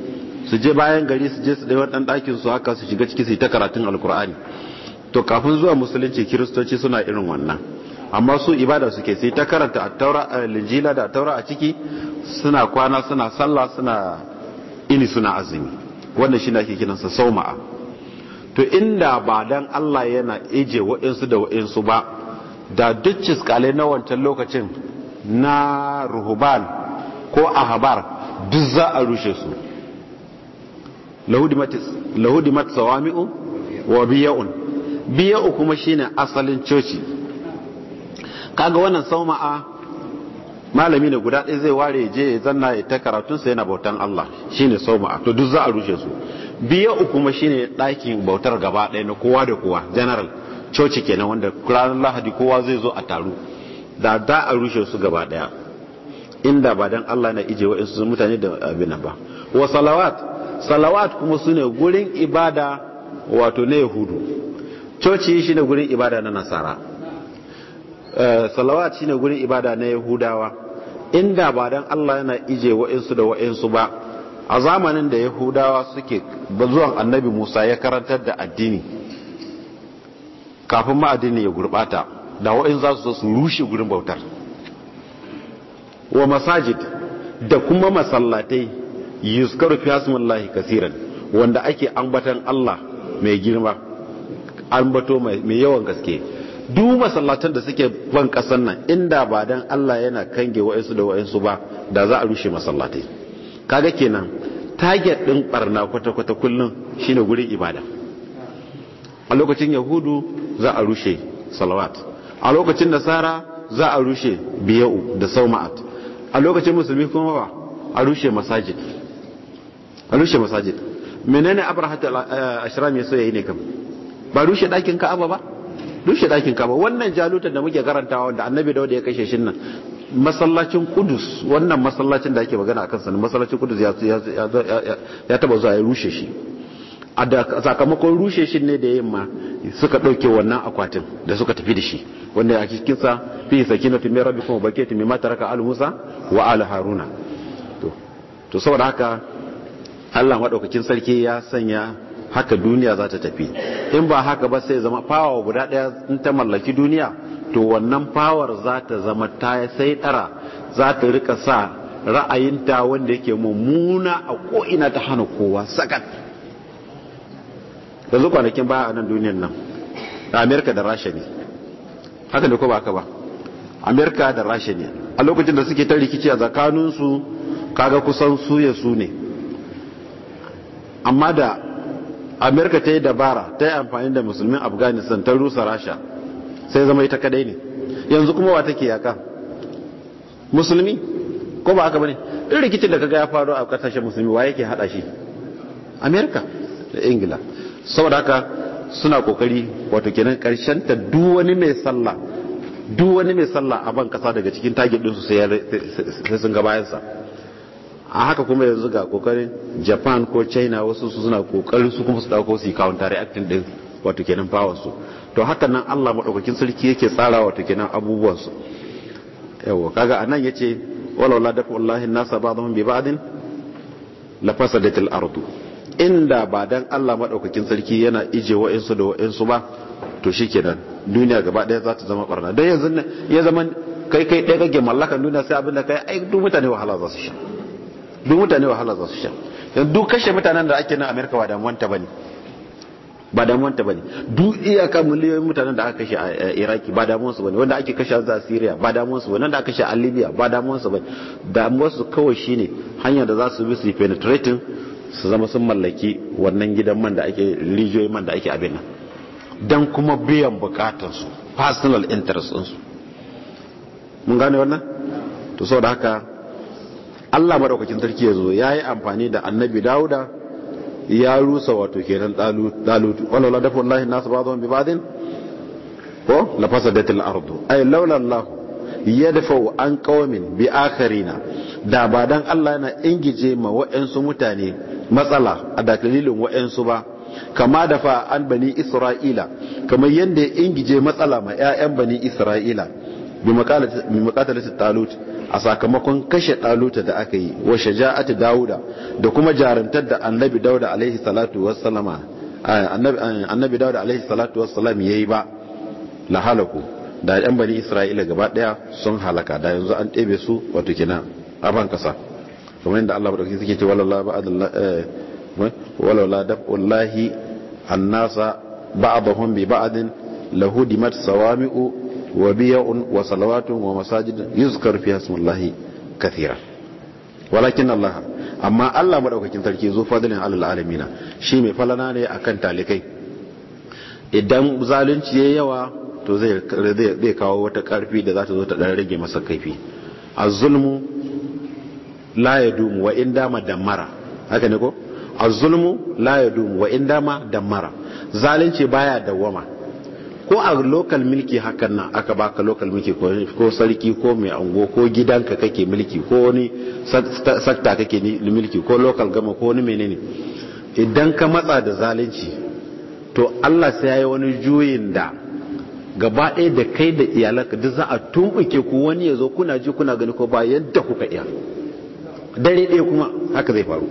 su je bayan gari su je su ɗaya ɗan ɗakin su haka su shiga ciki su yi ta karatun alkur'ani to kafin zuwa musulunci kiristoci suna irin wannan amma su ibada suke sai ta karanta a taura a eh, linjila da taura a ciki suna kwana suna sallah suna ini suna azumi wannan shine ake kiransa sauma'a to inda ba dan Allah yana ije wa'insu da wa'insu ba da duk ciskalai na wancan lokacin na ruhuban ko ahabar duk za a rushe su lahudimat sawami'u wa biya'un biya'u kuma shine asalin coci kaga wannan sauma'a malami ne guda ɗaya zai ware je ya zanna ya ta karatunsa yana bautan Allah shine sauma'a to duk za a rushe su biya'u kuma shine ɗakin bautar gaba ɗaya na kowa da kowa general coci kenan wanda ranar lahadi kowa zai zo a taru da da a rushe su gaba ɗaya inda ba dan Allah na ije wa'insu mutane da abin nan ba wa salawat salawat kuma su ne gurin ibada wato na yahudu coci shi ne gurin ibada na nasara eh, salawat shi ne gurin ibada na yahudawa inda ba dan Allah yana ije wa'insu da wa'insu ba a zamanin da yahudawa suke zuwan annabi musa ya karantar da addini kafin ma addini ya gurbata da wa'in za su rushe gurin bautar wa masajid da kuma masallatai yuskaru fi hasmullahi kasiran wanda ake ambatan Allah mai girma ambato mai yawan gaske duk masallatan da suke ban kasan nan inda ba dan Allah yana kange wa'ansu da wa'ansu ba da za a rushe masallatai kaga kenan target din barna kwata-kwata kullum shine gurin ibada a lokacin yahudu za a rushe salawat a lokacin nasara za a rushe biya'u da sauma'at a lokacin musulmi kuma ba a rushe masajid a rushe masajid menene abraham al-ashram eh, yaso yayi ne kam ba rushe dakin ka'aba ba rushe dakin ka'aba wannan jalutan da muke karantawa wanda annabi da wanda ya kashe shin nan masallacin kudus wannan masallacin da ake magana akan sa masallacin kudus ya ya taba zuwa ya rushe shi a da sakamakon rushe shi ne da yamma suka ɗauke wannan akwatin da suka tafi da shi wanda a cikin sa fi sakinatu min rabbikum bakiyatu mimma taraka al musa wa al haruna to saboda haka Allah madaukakin sarki ya sanya haka duniya za ta tafi in ba haka ba sai zama fawa guda ɗaya in ta mallaki duniya to wannan fawar za ta zama ta sai ɗara, za ta rika sa ra'ayinta wanda yake mummuna a ko'ina ta hana kowa sakat yanzu kwanakin ba a nan duniyan nan da amerika da rasha ne haka ne ko ba haka ba amerika da rasha ne a lokacin da suke ta rikici a tsakaninsu kaga kusan suya su ne amma da amerika ta yi dabara ta yi amfani da musulmin afghanistan ta rusa rasha sai zama ita kadai ne yanzu kuma wa take yaka musulmi ko ba haka bane irin rikicin da kaga ya faru a kasashen musulmi wa yake hada shi amerika da ingila saboda haka suna kokari wato kenan karshen ta duk wani mai sallah duk mai sallah a ban kasa daga cikin target din su sai sun ga bayan sa a haka kuma yanzu ga kokarin Japan ko China wasu su suna kokarin su kuma su dauko su counter reacting din wato kenan power su to haka nan Allah madaukakin sarki yake tsara wato kenan abubuwan su yawa kaga anan yace walaula dafu wallahi nasa ba'dhum bi ba'din la fasadatil ardu inda ba dan Allah maɗaukakin sarki yana ije wa'insu da wa'insu ba to shi nan duniya gaba ɗaya za ta zama ɓarna don yanzu ya zama kai kai ɗaya kake mallakan duniya sai abinda kai ai duk mutane wahala za su sha duk mutane wahala za su sha yanzu duk kashe mutanen da ake nan Amerika ba damuwan ta bane ba damuwan ta bane duk iyaka miliyoyin mutanen da aka kashe a Iraki ba damuwan su bane wanda ake kashe a Syria ba damuwan su bane wanda aka kashe a Libya ba damuwan su bane damuwan su kawai shine hanyar da za su bi su penetrating su zama sun mallaki wannan gidan man da ake rijiyoyi man da ake abin nan don kuma biyan bukatansu personal interest ɗinsu mun gane wannan to sau da haka allah maɗaukakin turki ya zo ya yi amfani da annabi dawuda ya rusa wato kenan ɗalutu wala la dafa wallahi nasu ba zuwan bibadin ko na fasa da ardu ay laula allah yadfa an kawamin bi akharina da ba dan allah yana ingije ma wa'ansu mutane matsala a dalilin waɗansu ba kama da fa an bani isra'ila kamar yadda ya ingije matsala ma 'ya'yan bani isra'ila bi makatalata talut a sakamakon kashe taluta da aka yi wa shaja'atu dauda da kuma jarumtar da annabi dauda alaihi salatu wassalama annabi dauda alaihi salatu wassalam yayi ba la halaku da 'yan bani isra'ila gaba daya sun halaka da yanzu an ɗebe su wato kenan a ban kasa kamar yadda Allah madaukakin suke ce walau la eh, eh, walau wallahi daf'ullahi annasa ba'dahum bi ba'din lahudimat sawami'u wa biya'un wa salawatun wa masajid yuzkar fiha ismullahi kathira walakin Allah amma Allah madaukakin sarki zo fadlin alal alamina shi mai falana ne akan talikai idan zalunci yayi yawa to zai zai kawo wata karfi da za ta zo ta dan rage masa kaifi az-zulmu la ya dumu wa in dama damara haka ne ko azulmu la ya dumu wa in dama damara zalunci baya dawama ko a lokal milki hakan nan aka baka lokal milki ko sarki ko mai ango ko gidanka kake milki ko wani sakta kake milki ko lokal gama ko wani menene idan ka matsa da zalunci to Allah sai ya yi wani juyin da gaba ɗaya da kai da iyalanka duk za a tumɓuke ku wani ya zo kuna ji kuna gani ko ba yadda kuka iya dare ɗaya kuma haka zai faru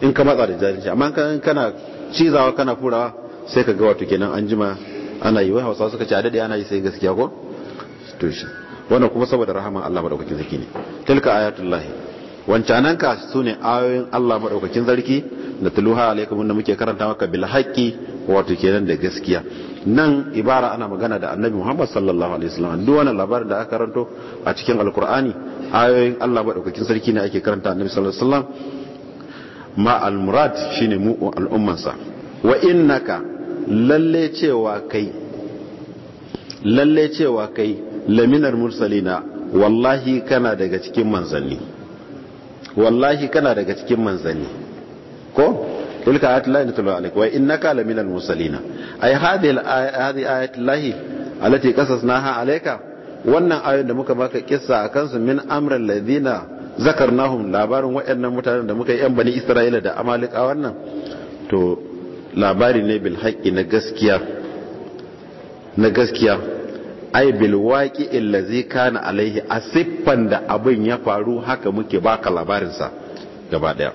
in ka matsa da jahilci amma kana cizawa kana furawa sai ka ga wato kenan an jima ana yi wai hausa suka ce a daɗe ana yi sai gaskiya ko to shi wannan kuma saboda rahama Allah madaukakin zaki ne tilka ayatullahi wancananka su ne ayoyin Allah maɗaukakin zarki da tuluha alaikum da muke karanta maka bil haqqi wato kenan da gaskiya nan ibara ana magana da annabi Muhammad sallallahu alaihi wasallam duk wani labarin da aka karanto a cikin alkur'ani ayoyin Allah maɗaukakin sarki ne ake karanta annabi sallallahu alaihi wasallam ma al murad shine mu al'ummansa wa innaka lalle cewa kai lalle cewa kai laminar mursalina wallahi kana daga cikin manzanni wallahi kana daga cikin manzanni ko tilka ayatul lahi tulu alayka wa innaka minal mursalina ay hadhihi hadhihi ayatul lahi allati qasasnaha alayka wannan ayoyin da muka baka kissa akan su min amrul ladina zakarnahum labarin wayannan mutanen da muka yi yan bani isra'ila da amalika wannan to labari ne bil haqqi na gaskiya na gaskiya ai bilwaki illazi kana alaihi asiffan da abin ya faru haka muke baka labarinsa gaba daya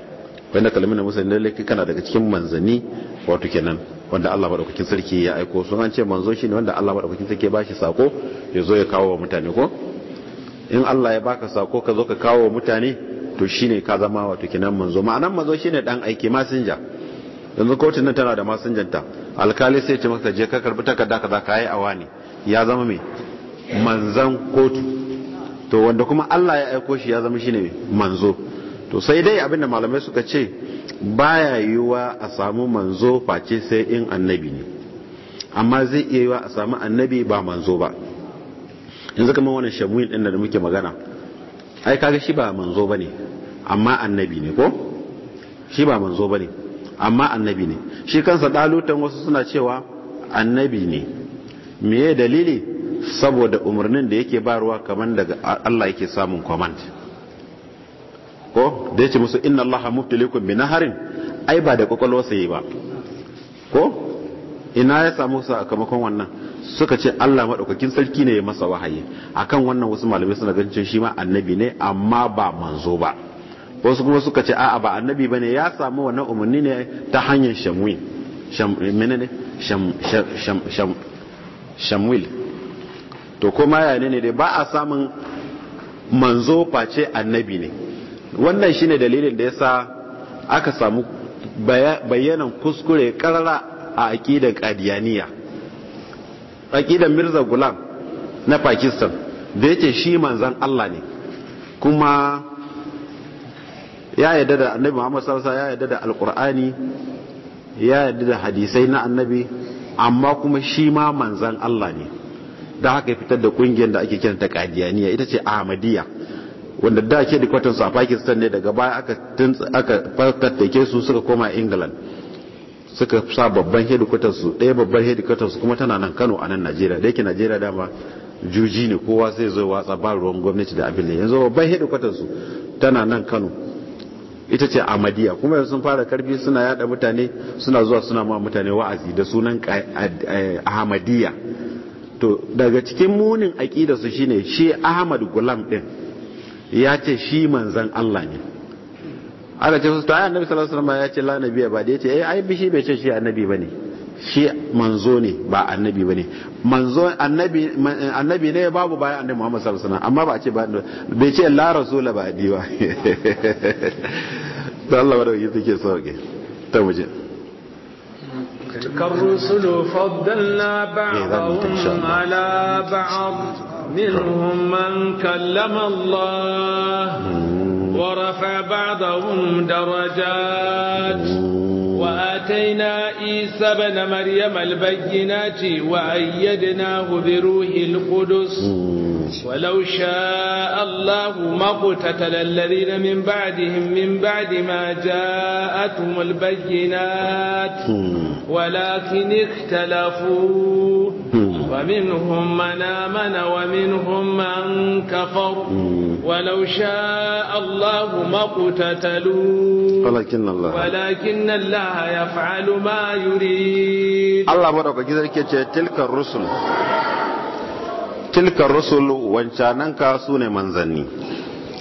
wanda kalmin da musulmi lalle kana daga cikin manzani wato kenan wanda Allah madaukakin sarki ya aiko sun an ce manzo shine wanda Allah madaukakin sarki ba shi sako ya zo ya kawo wa mutane ko in Allah ya baka sako ka zo ka kawo wa mutane to shine ka zama wato kenan manzo ma'anan manzo shine dan aiki masinja yanzu kotun nan tana da masinjanta alkali sai ce maka je ka karbi takarda za ka yi awani ne ya zama mai manzan kotu to wanda kuma Allah ya aiko shi ya zama shine manzo to sai dai abinda malamai suka ce baya yiwuwa a samu manzo face sai in annabi ne amma zai iya yiwa a samu annabi ba manzo ba yanzu kamar wannan shamuyin din da muke magana ai kaga shi ba manzo bane amma annabi ne ko shi ba manzo bane amma annabi ne shi kansa dalutan wasu suna cewa annabi ne ya dalili saboda umarnin da yake baruwa kamar daga Allah yake samun command ko da yace musu inna allaha mubtalikum bi naharin ai ba da kwakwalwarsa yi ba ko ina ya samu sakamakon wannan suka ce Allah madaukakin sarki ne ya masa wahayi akan wannan wasu malamai suna ganin shi ma annabi ne amma ba manzo ba wasu kuma suka ce a'a ba annabi bane ya samu wannan umarni ne ta hanyar shamwi shamwi menene sham sham sham shamwil to kuma ya ne dai ba a samun manzo face annabi ne wannan shine dalilin da ya sa aka samu bayanan kuskure karara a aƙidan qadiyaniya aƙidan mirza gulam na pakistan da yake shi manzan allah ne kuma ya yadda da annabi muhammad sallallahu ya yadda da alkur'ani ya yadda da hadisai na annabi amma kuma shi ma manzan Allah ne da haka ya fitar da kungiyar da ake kiranta kadiyaniya ita ce ahmadiyya wanda da ke kwatan su a pakistan ne daga baya aka aka su suka koma england suka sa babban hedikwatar su ɗaya babban hedikwatar su kuma tana nan kano a nan najeriya da yake najeriya dama juji ne kowa sai zo watsa ba ruwan gwamnati da abin yanzu babban hedikwatar su tana nan kano ita ce amadiya kuma yanzu sun fara karfi suna yada mutane suna zuwa suna ma mutane wa'azi da sunan eh, ahamadiya to daga cikin munin aƙida su shine shi ahmad gulam din ya ce shi manzan allah ne aka ce su ta annabi sallallahu alaihi ya ce la nabiyya ba da yace ce eh, ai bishi bai ce shi annabi ne. shi manzo ne ba annabi ba ne manzo annabi ne babu bayan annabi muhammad sallallahu alaihi wasallam amma ba a ce ba bai ce la rasula ba di ba (laughs) to Allah wa yi take sauke ta muje tilkar rusulu faddalna ba'dahum ala ba'd man kallama Allah wa rafa بعضهم darajat وآتينا عيسى بن مريم البينات وأيدناه بروح القدس ولو شاء الله ما اقتتل الذين من بعدهم من بعد ما جاءتهم البينات ولكن اختلفوا ومنهم من آمن ومنهم من كفر ولو شاء الله ما اقتتلوا ولكن الله ولكن الله يفعل ما يريد الله مدوكاكي sarki tilkar rusul tilkar rusul wancanan su ne manzanni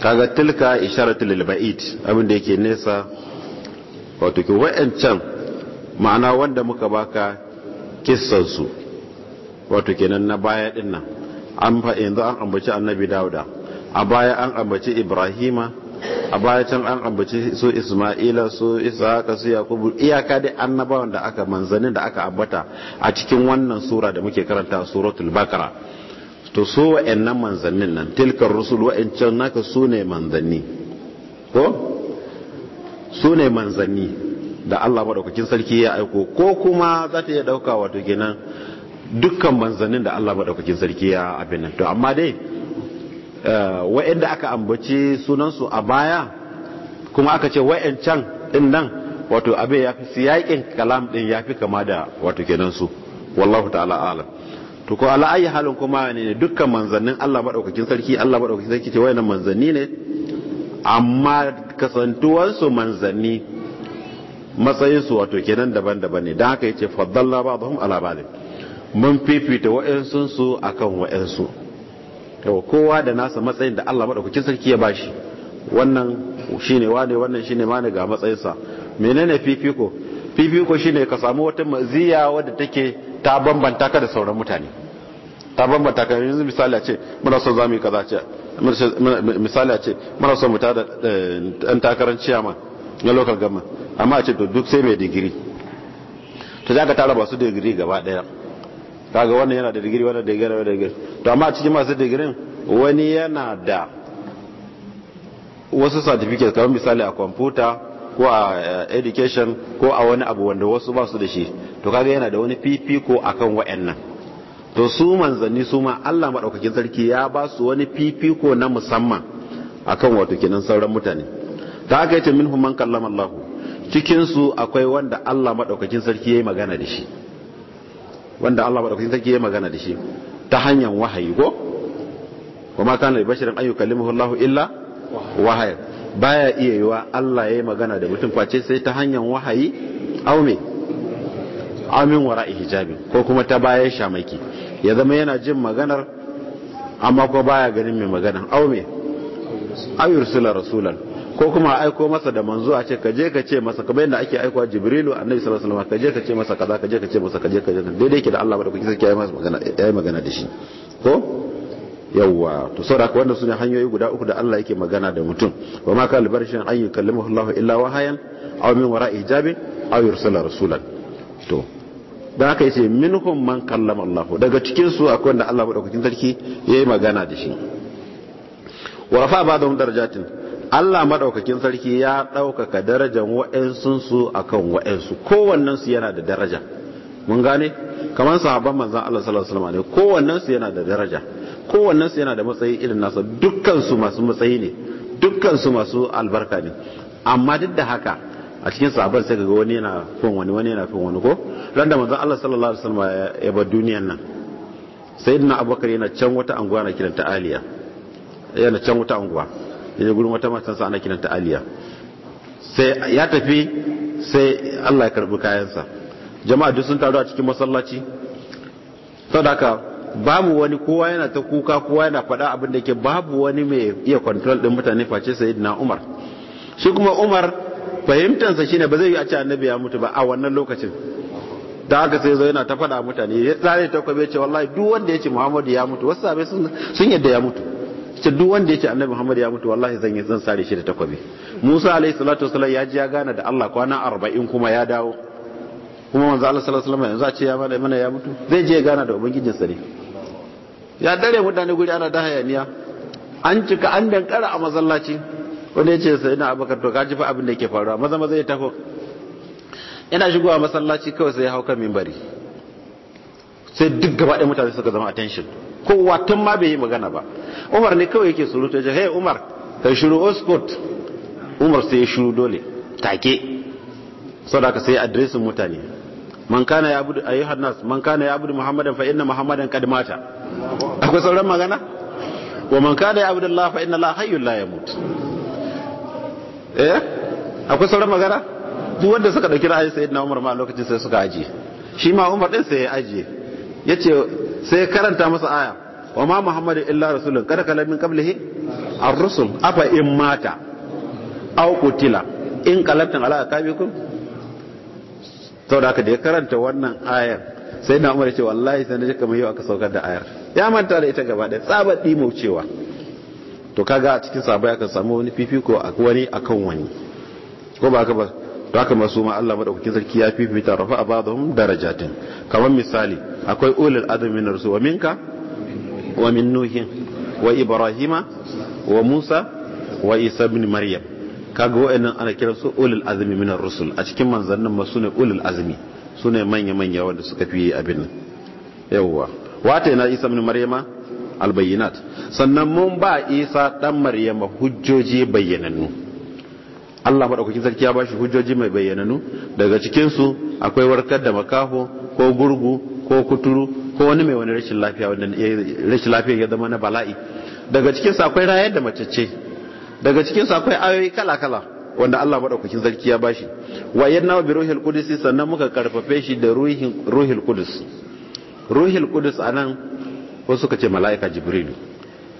kaga tilka isharatul lil ba'id abin da yake nesa wato ki wa'ancan ma'ana wanda muka baka kissan su wato kenan na baya din nan an yanzu an ambaci annabi dauda a baya an ambaci ibrahima a baya can an ambaci su isma'ila su isaka su yakubu iyaka dai annabawan da aka manzani da aka ambata a cikin wannan sura da muke karanta suratul bakara to su wa'annan manzannin nan tilkar rusul wa'ancan naka su ne manzanni ko su ne manzanni da Allah madaukakin sarki ya aiko ko kuma za ta iya dauka wato kenan dukkan manzannin da Allah maɗaukakin sarki ya abin nan to amma dai eh, wa'inda aka ambaci sunansu a baya kuma aka ce wa'ancan din nan wato abin ya fi siyaƙin kalam din ya fi kama da wato kenan su wallahu ta'ala alam to ko ala ayi halin kuma ne dukkan manzannin Allah maɗaukakin sarki Allah maɗaukakin sarki ce wa'annan manzanni ne amma kasantuwarsu manzanni matsayinsu wato kenan daban-daban ne don haka ya ce faddalla ba ala ba'dhin mun fifita wa'yansunsu a kan yau kowa da nasa matsayin da allah maɗaukakin sarki ya bashi wannan shi ne wane wannan shi ne wane ga matsayinsa menene fifiko fifiko shi ne ka samu wata maziya wadda take ta bambanta ka da sauran mutane ta bambanta ka yanzu misali a ce muna son za mu yi kaza ce misali a ce muna son mu ta da eh, ɗan takarar ciyama na local government amma a ce to duk sai mai digiri ta za ka tara ba su digiri gaba ɗaya kaga wannan yana da digiri wannan da digiri wannan da digiri to amma a cikin masu digirin wani yana da wasu certificate kamar misali a computer ko a eh, education ko a wani abu wanda wasu ba su da shi to kaga yana da wani fifiko akan wa'annan to su manzanni su ma Allah madaukakin sarki ya ba su wani fifiko na musamman akan wato kenan sauran mutane ta haka yace minhum man kallama Allah cikin su akwai wanda Allah madaukakin sarki yayi magana da shi wanda Allah madaukakin sarki yi magana da shi ta hanyar wahayi ko wa ma da bashirin an Allah illa wahayi baya iya yiwa Allah ya yi magana da mutum face sai ta hanyar wahayi aw me amin wara'i hijabi ko kuma ta baya shamaki ya zama yana jin maganar amma ko baya ganin mai magana aw me aw ko kuma aiko masa da manzo a ce ka je ka ce masa kamar yadda ake aikowa jibrilu annabi sallallahu alaihi wasallam ka je ka ce masa kaza ka je ka ce masa ka je ka je daidai yake da Allah madaukaki sarki yayi masa magana yayi magana da shi ko yawa to saboda haka wannan sune hanyoyi guda uku da Allah yake magana da mutum wa ma kal barshin an yukallimahu Allah illa wahayan aw min wara'i hijabin aw yursala rasulan to da haka yace minhum man kallama Allah daga cikin su akwai wanda Allah madaukakin sarki yayi magana da shi wa rafa da darajatin Allah madaukakin sarki ya ɗaukaka darajar wa'ansunsu a kan wa'ansu kowannensu yana da daraja mun gane kamar sahabban manzan Allah sallallahu alaihi wasallam kowannensu yana da daraja kowannensu yana da matsayi irin nasa dukkansu masu matsayi ne dukkansu masu albarka ne amma duk da haka a cikin sahabban sai ga wani yana fin wani wani yana fin wani ko ran da manzan Allah sallallahu alaihi wasallam ya bar duniyar nan sayyidina Abubakar yana can wata anguwa na kiranta Aliya yana can wata anguwa ya je gurin wata matansa ana kiranta aliya sai ya tafi sai allah ya karbi kayansa jama'a duk sun taru a cikin masallaci sadaka babu wani kowa yana ta kuka kowa yana faɗa abin da ke babu wani mai iya control din mutane face na umar shi kuma umar fahimtansa shine ba zai yi a ce annabi ya mutu ba a wannan lokacin da haka sai zo yana ta faɗa mutane ya tsare ta kwabe ce wallahi duk wanda ya ce muhammadu ya mutu wasu sabai sun yadda ya mutu ce duk wanda yace annabi Muhammad ya mutu wallahi zan yi zan sare shi da takwabi Musa alaihi salatu wasallam ya ji ya gana da Allah kwana 40 kuma ya dawo kuma manzo Allah sallallahu alaihi wasallam yanzu a ce ya mana mana ya mutu zai je gana da ubangijin sa ne ya dare mutane guri ana da hayaniya an cika an dankara a masallaci wanda yace sai ina abakar to kaji fa abin da yake faruwa maza maza ya tafi ina shigowa masallaci kawai sai ya hauka minbari sai duk gaba ɗaya mutane suka zama attention kowa tun ma bai yi magana ba umar ne kawai yake surutu ya hey umar ka shiru oskot umar sai ya shiru dole take saboda sai adresin mutane man kana ya abudu ayyuhan nas man kana ya abudu muhammadan fa inna muhammadan qad mata akwai sauran magana wa man kana ya abudu allah fa inna allah hayyul la yamut eh akwai sauran magana duk wanda suka dauki ra'ayi sayyidina umar ma lokacin sai suka ajiye shi ma umar din sai ya ajiye yace sai karanta masa aya wa ma muhammadu illa rasulun kada kala min qablihi ar-rusul afa in mata aw qutila in qalabtum ala akabikum to da ka da karanta wannan ayar sai na umar ce wallahi sai ji kamar yau aka saukar da ayar ya manta da ita gaba ɗaya tsabar dimo cewa to kaga a cikin sabai aka samu wani fifiko a wani akan wani ko ba ka ba to aka masu ma Allah madaukakin sarki ya fifita rafa a da darajatin kamar misali akwai ulul azmi min rusul wa minka ومن wa Musa wa isa bin maryam kaga wa'annan ana kira su ulul azmi minar rusul a cikin manzannin ma sune ulul azmi sune manya manya wanda suka fi abin nan yawwa wata yana isa min maryama sannan mun ba isa dan maryama hujjoji bayyanannu Allah maɗaukakin sarki ya ba shi hujjoji mai bayyananu daga cikinsu akwai warkar da makaho ko gurgu ko kuturu ko wani mai wani rashin lafiya wanda rashin lafiya ya zama na bala'i daga cikin sa akwai rayar da macece daga cikin sa akwai ayoyi kala kala wanda Allah madaukakin sarki ya bashi wa yadna bi ruhil qudus sannan muka karfafe shi da ruhin ruhil qudus ruhil qudus anan suka ce mala'ika jibril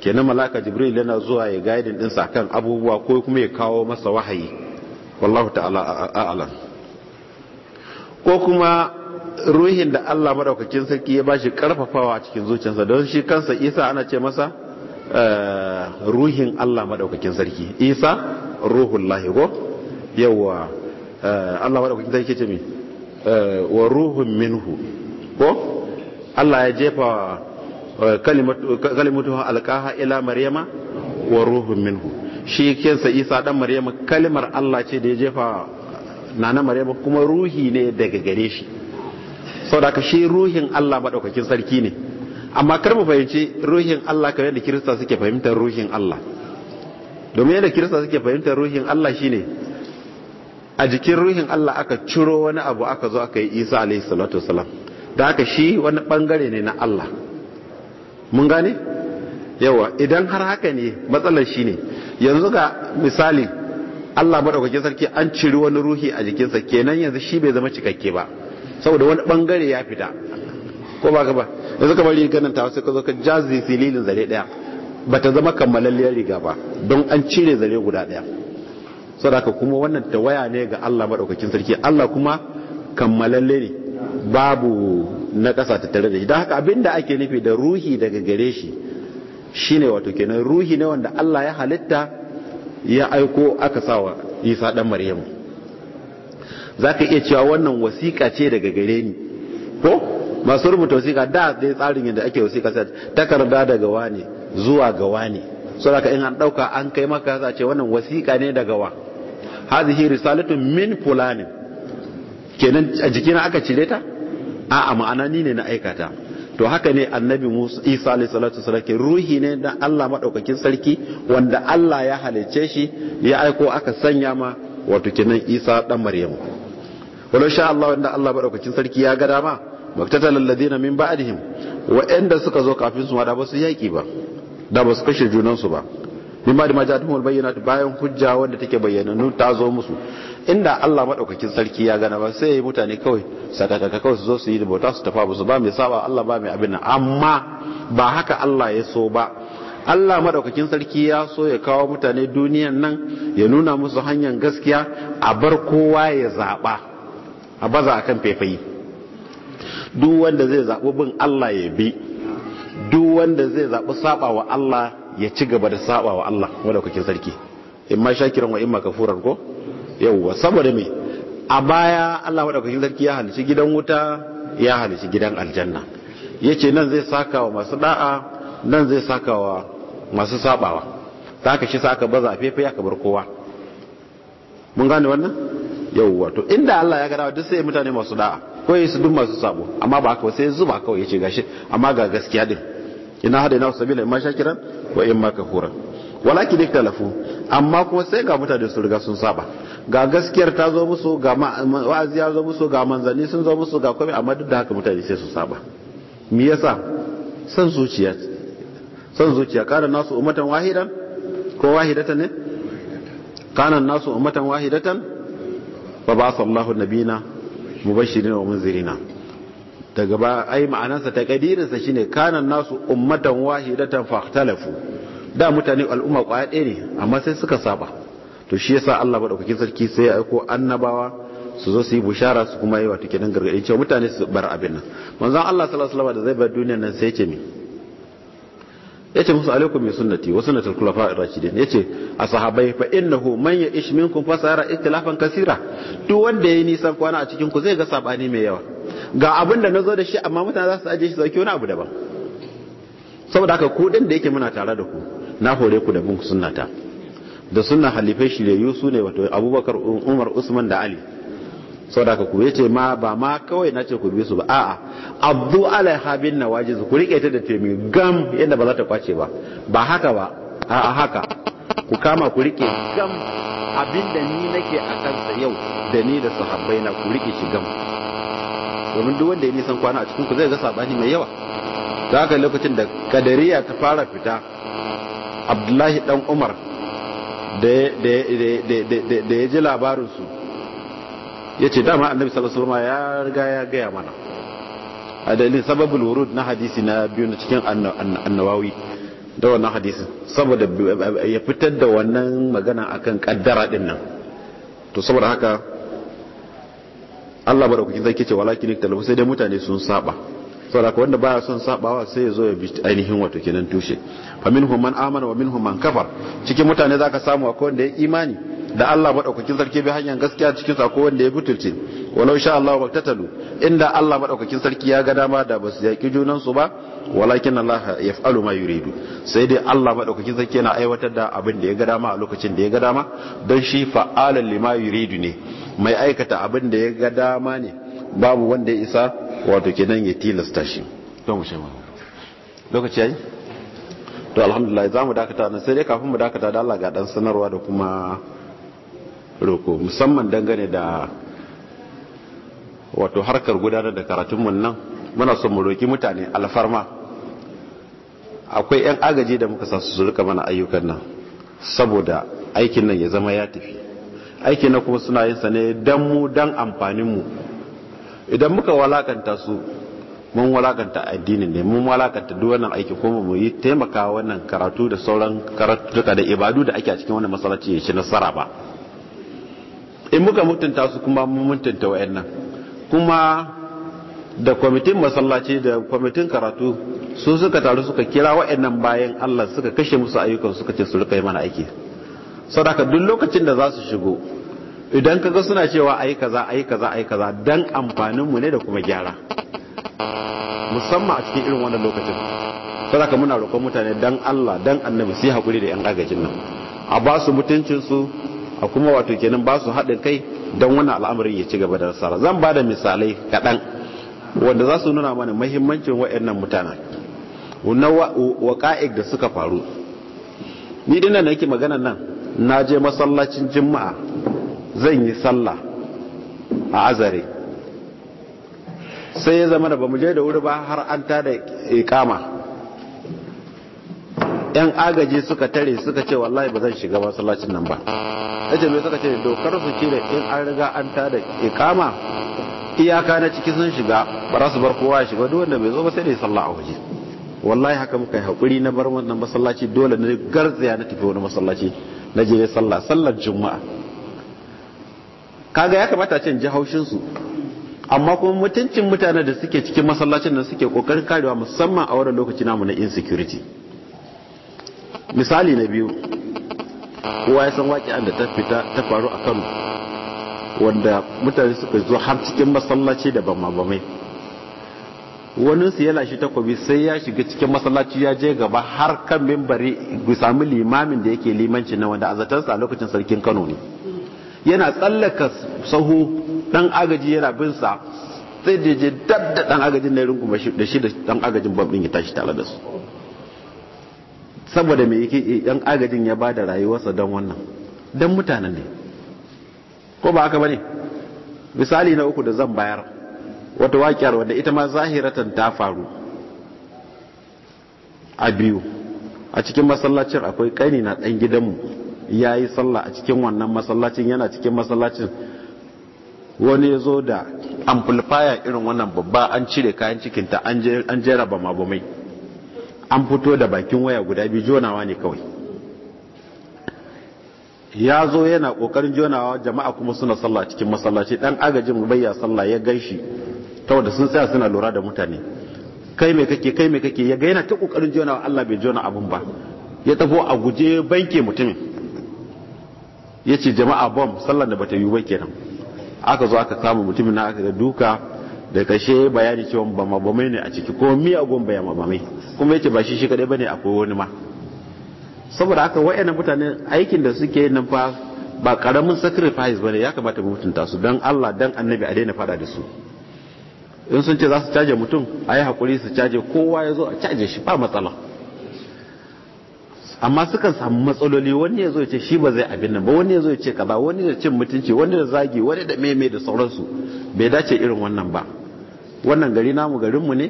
kenan mala'ika jibril yana zuwa ya guiding din sa kan abubuwa ko kuma ya kawo masa wahayi wallahu ta'ala a'lam ko kuma ruhin da Allah madaukakin sarki ya bashi karfafawa a cikin zuciyarsa don shi kansa Isa ana ce masa eh, ruhin Allah madaukakin sarki Isa lahi ko yawa eh, Allah madaukakin sarki ce mi eh, wa ruhun minhu ko Allah ya jefa kalimatu alqaha ila maryama wa ruhun minhu shi kansa Isa dan maryama kalimar Allah ce da ya jefa nana maryama kuma ruhi ne daga gare shi saboda ka shi ruhin Allah maɗaukakin sarki ne amma kar mu fahimci ruhin Allah kamar yadda kirista suke fahimtar ruhin Allah domin yadda kirista suke fahimtar ruhin Allah shine a jikin ruhin Allah aka ciro wani abu aka zo aka yi Isa alaihi salatu wasalam da aka shi wani bangare ne na Allah mun gane yawa idan har haka ne matsalar shi ne yanzu ga misali Allah madaukakin sarki an ciri wani ruhi a jikinsa kenan yanzu shi bai zama cikakke ba saboda wani bangare ya fita ko ba ka ba yanzu kamar rigar nan ta wasu ka ka jazi sililin zare daya ba ta zama kammalalliyar riga ba don an cire zare guda daya sadaka kuma wannan ta waya ne ga Allah maɗaukakin sarki Allah kuma kammalalle ne babu na ƙasa ta tare da shi don haka abinda ake nufi da ruhi daga gare shi shine wato kenan ruhi ne wanda Allah ya halitta ya aiko aka sawa Isa dan Maryamu zaka iya cewa wannan wasiƙa ce daga gare ni ko masu rubuta wasiƙa da zai tsarin yadda ake wasiƙa sai takarda daga wani zuwa ga wani saboda in an ɗauka an kai maka za ce wannan wasiƙa ne daga wa hadhihi risalatun min Fulani kenan a jikina aka cire ta a'a ma'ana ni ne na aikata to haka ne annabi Musa Isa alayhi salatu wasallam ruhi ne da Allah madaukakin sarki wanda Allah ya halice shi ya aiko aka sanya ma wato kenan Isa dan Maryamu walau sha Allah wanda Allah maɗaukacin sarki ya ga dama maktatal na min ba'adihim wa'anda suka zo kafin su ma da ba su yaki ba da ba su kashe junansu ba min ba da ma ja'atuhum bayyana bayan hujja wanda take bayyananu ta zo musu inda Allah maɗaukacin sarki ya gana ba sai mutane kawai sakakaka kawai su zo su yi da bauta su tafa su ba mai saba Allah ba mai abin nan amma ba haka Allah ya so ba Allah maɗaukakin sarki ya so ya kawo mutane duniyan nan ya nuna musu hanyar gaskiya a bar kowa ya zaɓa. a baza akan faifayi duk wanda zai zaɓi bin Allah ya bi duk wanda zai zaɓi saba wa Allah ya ci gaba da saba wa Allah wanda kuke sarki in ma shakiran wa in ma kafurar ko yawwa saboda me a baya Allah wanda kuke sarki ya halici gidan wuta ya halici gidan aljanna yace nan zai saka wa masu da'a nan zai saka wa masu sabawa ta haka shi sa aka baza a faifai aka bar kowa mun gane wannan Yau to inda Allah ya gada duk sai mutane masu da'a ko yi su duk masu sabo amma ba haka sai zuba kawai yace gashi amma ga gaskiya din ina hada ina sabila imma shakiran wa imma kafura walakin iktalafu amma kuma sai ga mutane su riga sun saba ga gaskiyar ta zo musu ga wa'azi ya zo musu ga manzanni sun zo musu ga komai amma duk da haka mutane sai su saba me yasa san zuciya san zuciya kana nasu ummatan wahidan ko wahidatan ne kana nasu ummatan wahidatan fa ba sallahu nabina mubashirin wa munzirina daga ba ai ma'anarsa ta kadirinsa shine kanan nasu ummatan wahidatan fahtalafu da mutane al'umma kwaya ɗaya ne amma sai suka saba to shi yasa Allah ba dauki sarki sai ya aiko annabawa su zo su yi bushara su kuma yi wa tukinin gargadi cewa mutane su bar abin nan manzon Allah sallallahu alaihi wasallam da zai bar duniyar nan sai ya ce me ya ce musu alaikum bi sunnati wa sunnati al-khulafa ar-rashidin yace a sahabbai fa innahu manya ya'ish minkum fasara ita ikhtilafan kaseera duk wanda ya yi nisan kwana a cikin ku zai ga sabani mai yawa ga abin da zo da shi amma mutane za su ajiye shi sauki wani abu daban saboda haka ku da yake muna tare da ku na hore ku da bin sunnata da sunna halifai shiryayyu su ne wato Abubakar Umar Usman da Ali saboda ka ku ce ma ba ma kawai na ce ku bi su ba a'a abdu na waje nawajiz ku riƙe ta da temi gam yadda ba za ta kwace ba ba haka ba a'a haka ku kama ku riƙe gam abinda ni nake a kansa yau da ni da sahabbai na ku riƙe shi gam domin duk wanda ya nisan kwana a cikin ku zai ga sabani mai yawa da haka lokacin da kadariya ta fara fita abdullahi dan umar da ya ji labarinsu ya ce dama annabi sallallahu alaihi ya riga ya gaya mana a dalilin sababul wurud na hadisi na biyu na cikin annawawi da wannan hadisin saboda ya fitar da wannan magana akan kaddara din nan to saboda haka Allah barakuki zai ce walakin talabu sai dai mutane sun saba saboda wanda baya son sabawa sai ya zo ya bi ainihin wato kenan tushe fa minhum man amana wa minhum man kafar cikin mutane zaka samu akwai wanda ya imani da Allah madaukakin sarki bi hanyar gaskiya cikin sa ko wanda ya butulce walau sha Allah wa tatalu inda Allah madaukakin sarki ya ga dama da basu yaki junan su ba walakin Allah yaf'alu ma yuridu sai dai Allah madaukakin sarki yana aiwatar da abin da ya ga dama a lokacin da ya ga dama don shi fa'alan lima yuridu ne mai aikata abin da ya ga dama ne babu wanda ya isa wato kenan ya tilasta shi don mu shaimu lokaci yi to alhamdulillah za mu dakata na sai dai kafin mu dakata da Allah dan sanarwa da kuma roko musamman dangane da wato harkar gudanar da karatun mun nan muna son mu roki mutane alfarma akwai yan agaji da muka sa su rika mana ayyukan nan saboda aikin nan ya zama ya tafi aikin na kuma suna yin sa ne dan mu dan amfanin mu idan muka walakanta su mun walakanta addinin ne mun walakanta duk wannan aiki ko mu yi taimaka wannan karatu da sauran karatuka da ibadu da ake a cikin wannan masallaci ya ci nasara ba in muka mutunta su kuma mun mutunta wayannan kuma da kwamitin masallaci da kwamitin karatu su suka taru suka kira wayannan bayan Allah suka kashe musu ayyukan suka ce su rika yi mana aiki sadaka duk lokacin da za su shigo idan ka suna cewa ayi kaza ayi kaza ayi kaza dan amfanin mu ne da kuma gyara musamman a cikin irin wannan lokacin saboda muna roƙon mutane dan Allah dan Annabi sai yi hakuri da yan agajin nan a ba su mutuncin su a kuma wato kenan ba su haɗin kai dan wannan al'amarin ya ci gaba da nasara zan ba da misalai kaɗan wanda za su nuna mana muhimmancin waɗannan mutanen na waƙa'ik da suka faru ni dina na yake magana nan na je masallacin juma'a zan yi sallah a azare sai ya zama da ba mu je da wuri ba har an ta da ikama yan agaji suka tare suka ce wallahi ba zan shiga masallacin nan ba ce me suka ce dokar su kire in an riga an ta da ikama iyaka na ciki sun shiga ba za su bar kowa ya shiga duwanda mai zo ba sai da sallah a waje wallahi haka muka yi haƙuri na bar wannan masallaci dole na garzaya na tafi wani masallaci na je sallah sallar juma'a kaga ya kamata ce ji haushin su amma kuma mutuncin mutanen da suke cikin masallacin nan suke kokarin karewa musamman a wannan lokaci namu na insecurity misali na biyu kowa ya san an da ta fita ta faru a kano wanda mutane suka zo har cikin masallaci da ban wani su ya lashe takobi sai ya shiga cikin masallaci ya je gaba har kan mimbari sami limamin da yake limanci na wanda a a lokacin sarkin kano ne yana tsallaka sahu dan agaji yana bin sa sai da je dadda dan agajin na rungu shi da shi da dan agajin bab ya tashi tare da su saboda me yake dan eh, agajin ya bada rayuwarsa dan wannan dan mutanen ne ko ba haka bane misali na uku da zan bayar wata waƙiyar wadda ita ma zahiratan ta faru a biyu a cikin masallacin akwai kaini na ɗan gidanmu ya yi sallah a cikin wannan masallacin yana cikin masallacin wani ya zo da amplifier irin wannan babba an cire kayan cikinta an jera ba mabomai an fito da bakin waya guda biyu jonawa ne kawai ya zo yana kokarin jonawa jama'a kuma suna sallah cikin masallaci dan agajin bayya sallah ya gaishi ta wadda sun tsaya suna lura da mutane kai me kake kai me kake ya ga yana ta kokarin jonawa Allah bai jona abun ba ya tafi a guje banke mutumin ya ce jama'a bom sallar da bata yi ba kenan aka zo aka kama mutumin na aka duka da kashe bayani cewa bama bamai ne a ciki ko miyagun bayan bamai kuma yace ba shi shi kadai bane akwai wani ma saboda haka wayannan mutane aikin da suke nan fa ba karamin sacrifice bane ya kamata mu mutunta su dan Allah dan annabi a daina fada da su in sun ce za su caje mutum a yi hakuri su caje kowa ya zo a caje shi ba matsala amma sukan samu matsaloli wani ya zo ya ce shi ba zai abin nan ba wani ya zo ya ce kaza wani da cin mutunci wani da zagi wani da meme da sauransu bai dace irin wannan ba wannan gari namu mu ne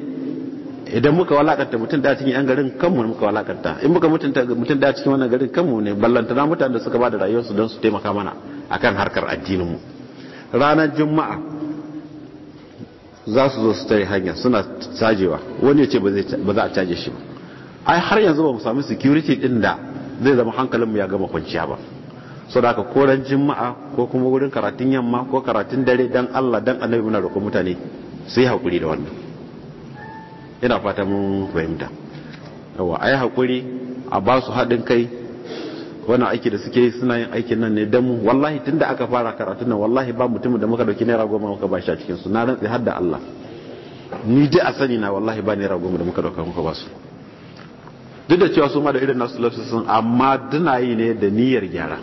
idan muka walakanta mutum da cikin yan garin kanmu muka walakanta in muka mutunta mutum da cikin wannan garin kanmu ne na mutanen da suka ba da rayuwarsu don su taimaka mana akan harkar addinin mu ranar juma'a za su zo su tare hanya suna cajewa wani ya ce ba za a caje shi ba ai har yanzu ba mu sami security din da zai zama hankalinmu ya gama kwanciya ba so da ka koran jima'a ko kuma wurin karatun yamma ko karatun dare dan Allah dan annabi muna roƙon mutane su yi hakuri da wannan ina fata mun fahimta yawa ai hakuri a ba su haɗin kai wannan aiki da suke suna yin aikin nan ne dan wallahi tunda aka fara karatun nan wallahi ba mutumin da muka dauki naira goma muka ba shi a cikin su na rantsi har da Allah ni dai a sani na wallahi ba naira goma da muka dauka muka ba su duk da cewa su ma da irin nasu lafsisin amma duna yi ne da niyyar gyara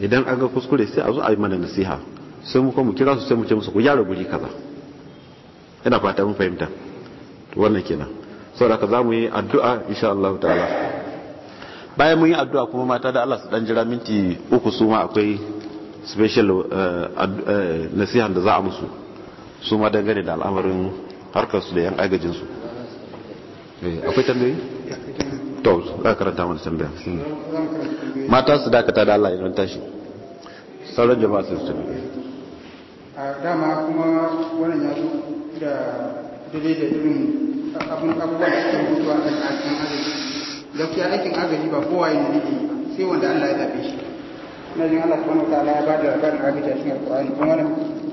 idan an ga kuskure sai a zo a yi mana nasiha sai mu kuma kira su sai mu ce musu ku gyara guri kaza ina fata mun fahimta wannan kenan saboda ka zamu yi addu'a insha Allah ta'ala bayan mun yi addu'a kuma mata da Allah su dan jira minti uku su ma akwai special eh, eh, nasiha da za a musu su ma dangane da al'amarin harkar su da yan agajin su akwai tambayi to za karanta wani tambaya mata su dakata da Allah idan tashi sauran jama'a su tafi a dama kuma wannan ya zo da daidai da irin abin abubuwan da suke mutu a kan aikin da gaskiya aikin agaji ba kowa yi nake sai wanda Allah ya zabe shi na jin Allah subhanahu wataala ya bada labarin agaji a cikin alƙur'ani kuma wannan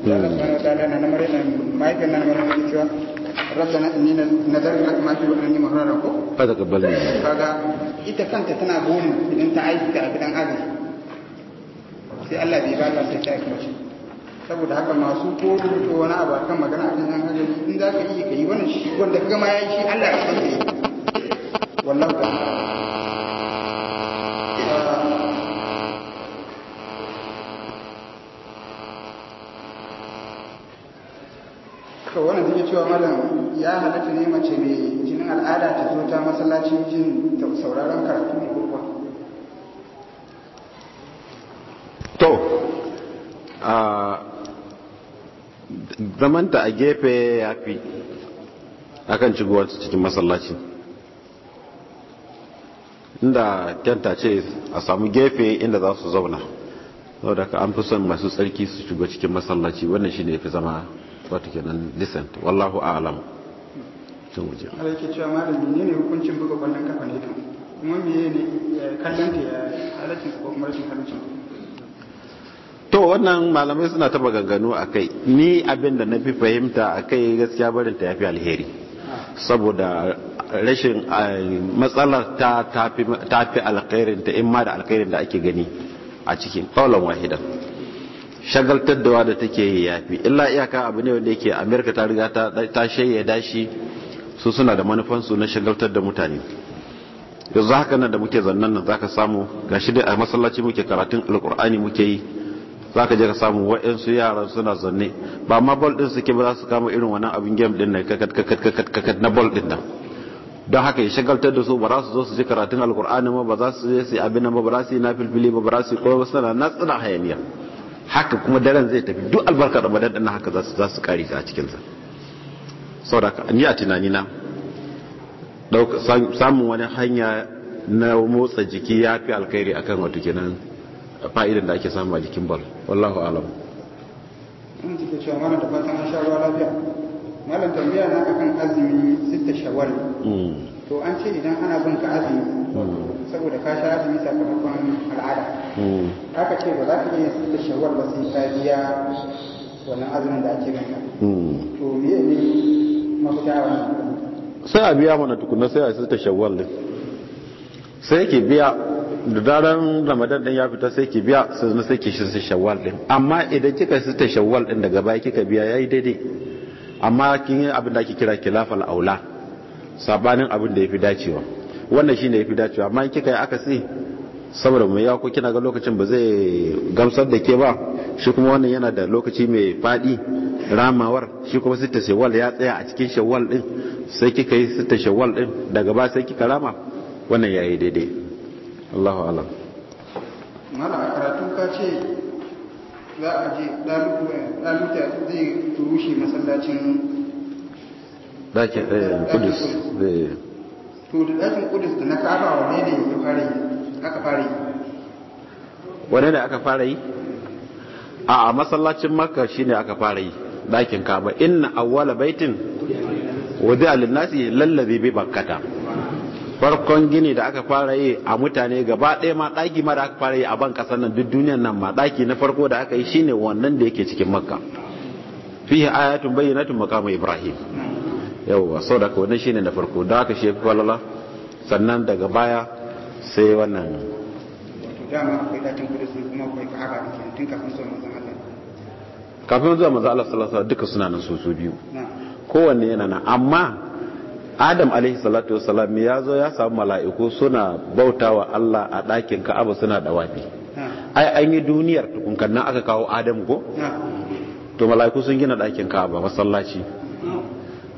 Allah subhanahu na cewa rabbana inni nadartu lak ma fi anni muharrara ko fa taqabbal kaga ita kanta tana goma idan ta aiki ta abi dan adam sai Allah bai ba ta sai ta aiki saboda haka masu ko rubuta wani abu kan magana akan yan adam in za ka yi kai wannan shi wanda kaga ma yayi shi Allah ya san sai wallahi to wannan take cewa malam ya halatta ne mace mai jinin al'ada ta zo ta masallacin jin sauraron karatu ne ko kuwa to a zamanta a gefe ya fi akan cigowar cikin masallaci inda kyanta ce a samu gefe inda za su zauna da ka an fi son masu tsarki su shiga cikin masallaci wannan shi ne fi zama wata kenan listen wallahu a'lam ta yake cewa ne ne hukuncin buga kwallon kafa ne kan kuma ne kallon ta ya halaccin ko kuma rashin halaccin to wannan malamai suna taba ganganu a kai ni abin da na fi fahimta a kai gaskiya barin ta ya fi alheri saboda rashin eh, matsalar ta tafi alkhairin ta in ma da alkhairin da ake gani a cikin kawalan wahidan shagaltar da take fi illa iyaka abu ne wanda yake amerika ta riga ta shayyada shi su suna da manufansu na shagaltar da mutane yanzu haka nan da muke zannan nan zaka samu gashi da a masallaci muke karatun alkur'ani muke yi zaka je ka samu wa'ansu yaran suna zanne ba ma bol din suke ba za su kama irin wannan abin game din nan kakat kakat kakat na bol din nan don haka ya shagaltar da su ba za su zo su ji karatun alkur'ani ma ba za su je su yi abin nan ba ba za su yi filfili ba ba su yi suna na tsina hayaniya haka kuma daren zai tafi duk albarkar ramadan din haka za su kare a cikinsa. saboda ni a tunanina samun wani hanya na motsa jiki ya fi alkhairi akan wato kenan fa'idan da ake samu a jikin bal wallahu alam in take cewa mana da fatan an sha ruwa lafiya malam tambaya na akan azumi sita shawar. Mm. to an ce idan ana bin ka azumi mm. saboda ka sha azumi sakamakon al'ada mm. aka ce ba za ka iya sita shawar ba sai ka biya wannan azumin da ake ganka. to me ne sai a biya mana tukuna sai a yi ta shawwal din sai ki biya da daren ramadan din ya fita sai ki biya sai sai ki shi shawwal din amma idan kika yi ta shawwal din daga baya kika biya ya yi daidai amma kin yi abin da ake kira kilafal aula sabanin abin da ya fi dacewa wannan ya fi dacewa amma kika yi akasi saboda mai yawa ko kina ga lokacin ba zai gamsar da ke ba shi kuma wannan yana da lokaci mai fadi ramawar shi kuma sita shawwal ya tsaya a cikin shawwal din sai kika yi sita shawwal din daga ba sai kika rama wannan yayi daidai Allahu alam mala a karatu ka ce za a je daluta zai rushe masallacin dakin eh, kudus eh. to da dakin kudus da na kaba wa ne da ya yi aka fara yi wane ne aka fara yi a masallacin makka ne aka fara yi ɗakin kaba inna awwala baitin wadda alinnasi lallabi bi bakkata farkon gini da aka fara yi a mutane gaba ɗaya ma ɗaki ma da aka fara yi a ban ƙasar nan duk duniyar nan ma ɗaki na farko da aka yi shine wannan da yake cikin makka fihi ayatun tun makamu ibrahim yawwa sau da shi shine na farko da aka shefi falala sannan daga baya sai wannan kafin zuwa maza Allah sallallahu alaihi duka suna nan su biyu kowanne yana nan amma Adam alaihi salatu wasalam ya zo ya samu mala'iku suna bautawa Allah a ɗakin Ka'aba suna dawafi ai an yi duniyar tukunkan nan aka kawo Adam ko to mala'iku sun gina ɗakin Ka'aba masallaci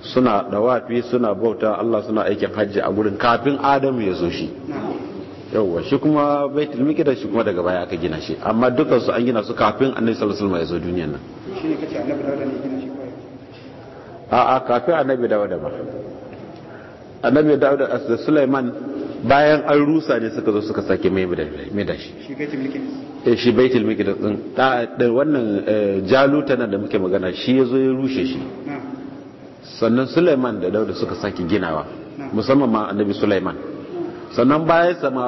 suna dawafi suna bauta Allah suna aikin hajji a gurin kafin Adam ya zo shi yauwa shi kuma baitul miqdis shi kuma daga baya aka gina shi amma dukkan su an gina su kafin annabi sallallahu alaihi wasallam ya zo duniyar nan shi ne kace annabi dawuda ne gina shi a a kafin annabi dawuda ba annabi dawuda da sulaiman bayan an rusa ne suka zo suka sake mai da shi shi baitul miqdis eh, shi baitul miqdis din da wannan eh, jaluta nan da muke magana shi ya zo ya rushe shi sannan sulaiman da dawuda suka sake ginawa musamman ma annabi sulaiman sannan bayan sama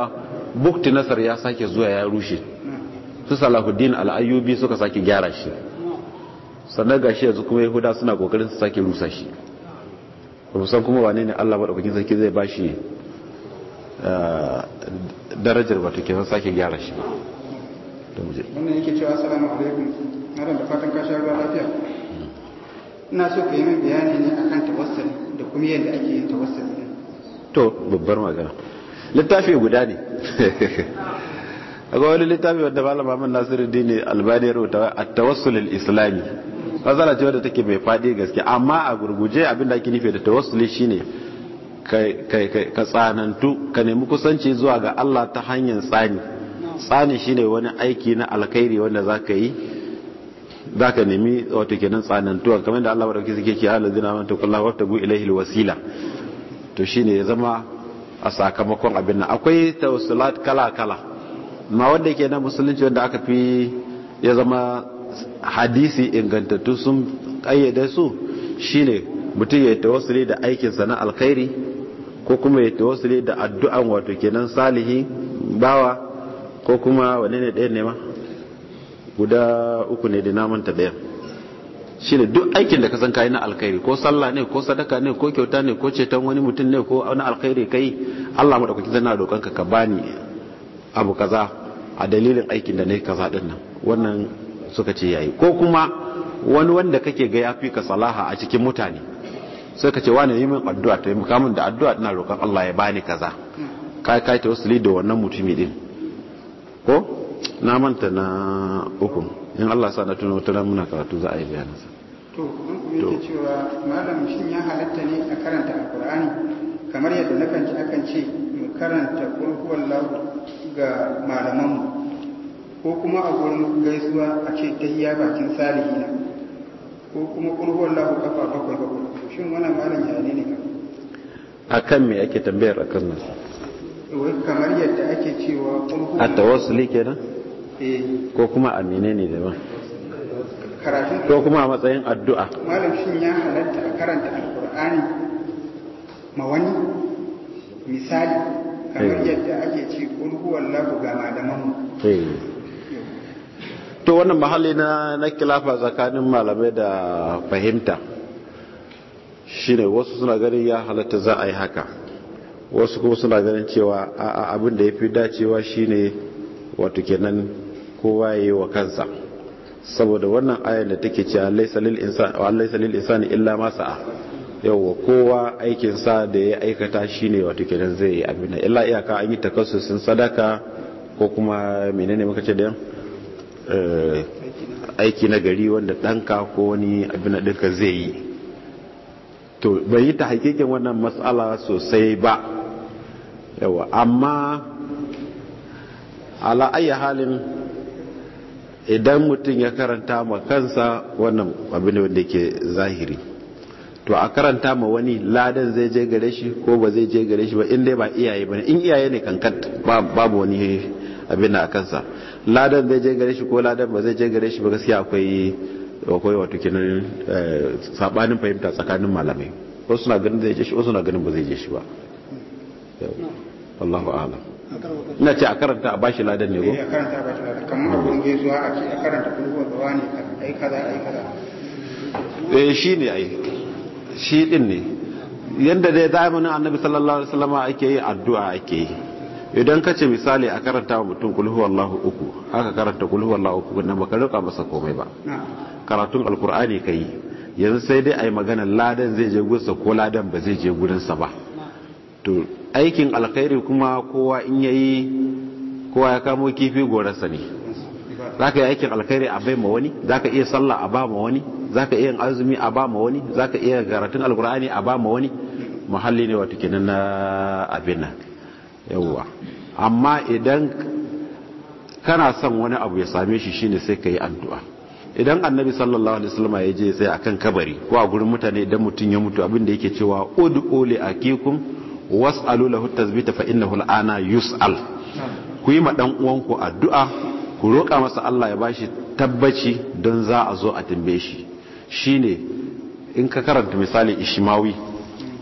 bukti nasar ya sake zuwa ya rushe su salahuddin al'ayyubi suka sake gyara shi sannan shi yanzu kuma yahuda suna kokarin su sake rusa shi rusan kuma wane ne allah maɗaukakin sarki zai ba shi ah, darajar ta ke sake gyara shi wannan yake cewa assalamu alaikum na da fatan ka ruwa lafiya ina so ka yi min bayani ne akan tawassali da kuma yadda ake yin tawassali to babbar magana littafi guda ne (laughs) akwai wani littafi wanda malama Muhammad Nasiru Dini Albani rubuta a tawassul islami fasara ce wadda take mai fadi gaske amma a gurguje abin da ake nufi da tawassuli shine ka tsanantu ka nemi kusanci zuwa ga Allah ta hanyar tsani tsani shine wani aiki na alkhairi wanda za ka yi za ka nemi wato kenan tsanantuwa kamar da Allah wadda kisa ke halin zina wata kullum wata gu ilaihil wasila to shine ya zama a sakamakon abin nan akwai tawassulat kala-kala ma wanda ke na musulunci wanda aka fi ya zama hadisi ingantattu sun kayyade su shine mutum ya tawassuli da aikinsa na alkhairi ko kuma ya tawassuli da addu'an wato kenan salihi bawa ko kuma wane ne ɗaya ne ma guda uku ne da namanta ɗaya shine duk aikin da ka san kai na alkhairi ko sallah ne ko sadaka ne ko kyauta ne ko ceton wani mutum ne ko wani alkhairi kai Allah mu kuke zanna roƙon ka ka bani abu kaza a dalilin aikin da nayi kaza din nan wannan suka ce yayi ko kuma wani wanda kake ga yafi ka salaha a cikin mutane sai ka ce wani yi min addu'a ta yi min da addu'a ina roƙon Allah ya bani kaza kai kai ta wasuli da wannan mutumi din ko na manta na uku in Allah sa na tuno tunan muna karatu za a yi bayanansa. to shin ya halatta ne a karanta alkur'ani ce mu ga malamanmu ko kuma a gurin gaisuwa a ce bakin ko kuma kafa bakwai shin wannan malam ya ne ne kan me ake tambayar akan nan kamar yadda ake cewa a tawassuli kenan eh. ko kuma a menene daban karatun ko kuma a matsayin addu'a malam shin ya halatta a karanta alqur'ani ma wani misali kamar eh. yadda ake ce qul huwallahu ga malaman eh. to wannan mahalli na na kilafa tsakanin malamai da fahimta shine wasu suna ganin ya halatta za a yi haka wasu kuma suna ganin cewa abin da ya fi dacewa shine wato kenan kowa ya yi wa kansa saboda wannan ayar da take cewa Allah salil insani wa laysa illa ma sa'a yawa kowa aikin sa da ya aikata shi ne wato kenan zai yi abin da illa iyaka an yi takasusun sadaka ko kuma menene muka ce da eh, aiki na gari wanda danka ko wani abin da zai yi to bai yi ta hakikin wannan matsala sosai ba yawa amma ala halin idan mutum ya karanta ma kansa wannan abin wanda ke zahiri to a karanta ma wani ladan zai je gare shi ko ba zai je gare shi ba in dai ba iyaye ba in iyaye ne kankan babu wani abin a kansa ladan zai je gare shi ko ladan ba zai je gare shi ba gaskiya akwai akwai wato kinan eh, sabanin fahimta tsakanin malamai wasu na ganin zai je shi wasu na ganin ba zai je shi ba Allahu a'lam na ce a karanta a bashi ladan ne ko eh, a karanta a bashi ladan kamar abin zuwa a ce a karanta kulhuwar da ne ai kaza ai kaza eh shi ne ai shi din ne yadda dai zamanin annabi sallallahu alaihi wasallam ake yi addu'a ake yi idan ka ce misali a karanta wa mutum kulhu wallahu uku haka karanta kulhu wallahu uku na baka rika masa komai ba karatun alkur'ani ka yi yanzu sai dai a yi maganar ladan zai je gurinsa ko ladan ba zai je gurinsa ba to aikin alkhairi kuma kowa in yayi kowa ya kamo kifi gorarsa ne za ka yi aikin alkhairi a bai ma wani za ka iya sallah a ba ma wani za ka iya azumi a ba ma wani za ka iya karatun alkur'ani a ba ma wani muhalli ne wato kenan na abin nan yawwa amma idan kana son wani abu ya same shi shine sai ka yi addu'a idan annabi sallallahu alaihi wasallam ya je sai akan kabari ko a gurin mutane idan mutum ya mutu abin da yake cewa ud'u li akikum was'alu lahu tazbita fa innahu al'ana yus'al ku yi ma dan uwanku addu'a ku roƙa masa Allah ya bashi tabbaci don za a zo a tambaye shi shine in ka karanta misali ishmawi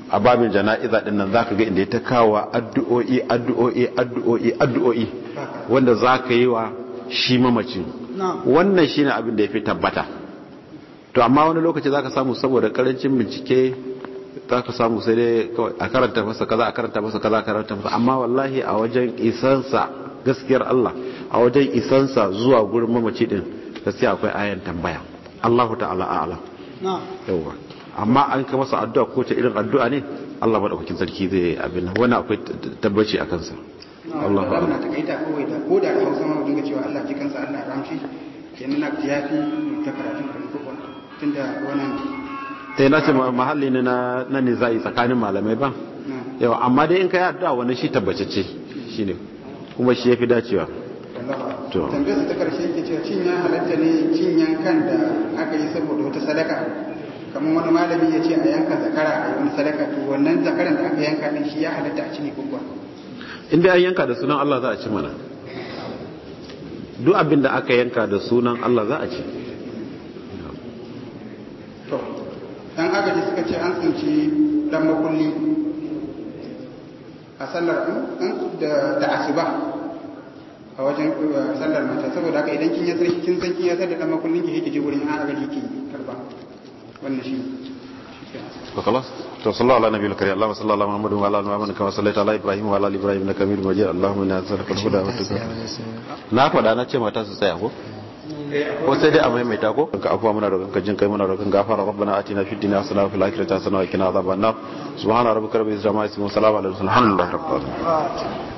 a babin jana'iza din nan zaka ga inda ya ta kawo addu'o'i addu'o'i addu'o'i addu'o'i wanda zaka yi wa shi mamacin wannan shine abin da ya fi tabbata to amma wani lokaci zaka samu saboda karancin bincike za ka samu sai dai kawai a karanta masa kaza a karanta masa kaza a karanta masa amma wallahi a wajen isansa gaskiyar Allah a wajen isansa zuwa gurin mamaci din gaskiya akwai ayan tambaya Allahu ta'ala a'lam yawa amma an ka masa addu'a ko ta irin addu'a ne Allah madaukakin sarki zai abin wani akwai tabbaci a kansa Allah ba na takaita kawai da ko da Hausa ma dinga cewa Allah ji kansa Allah ramshi kenan na tiyafi ta karatun kan ko tunda wannan eh na ce mahalli ne na na yi tsakanin malamai ba yawa amma dai in ka yi addu'a wani shi tabbatacce shine kuma shi ya fi dacewa to tambayar ta karshe yake cewa cin ya halatta ne cin yankan da aka yi saboda wata sadaka kamar wani malami ya ce a yanka zakara a yi wani sadaka to wannan zakaran da aka yanka ne shi ya halatta a ci ne in dai an yanka da sunan Allah za a ci mana duk abin da aka yanka da sunan Allah za a ci agaji suka ce an tsinci dan makulli a sallar hmm? Hmm? da asuba a wajen uh, sallar mata saboda haka idan kin yasar kin san kin yasar da dan makullin ki hiji wurin an agaji ki karba wannan shi وخلاص وصلى ala نبي الكريم ala صل على محمد وعلى ال محمد كما ala على ala Ibrahim ال majid allahumma inna nas'aluka al-huda wa الهدى والتقى na faɗa na ce mata su tsaya ko wasai dai a maimaita ko ka afuwa muna da ka jin kai muna da roƙon gafara rabbana atina fid dunya hasanatan fil akhirati hasanatan wa qina adhaban nar subhana rabbika rabbil izzati amma yasifun salamun alal mursalin alhamdulillahi rabbil alamin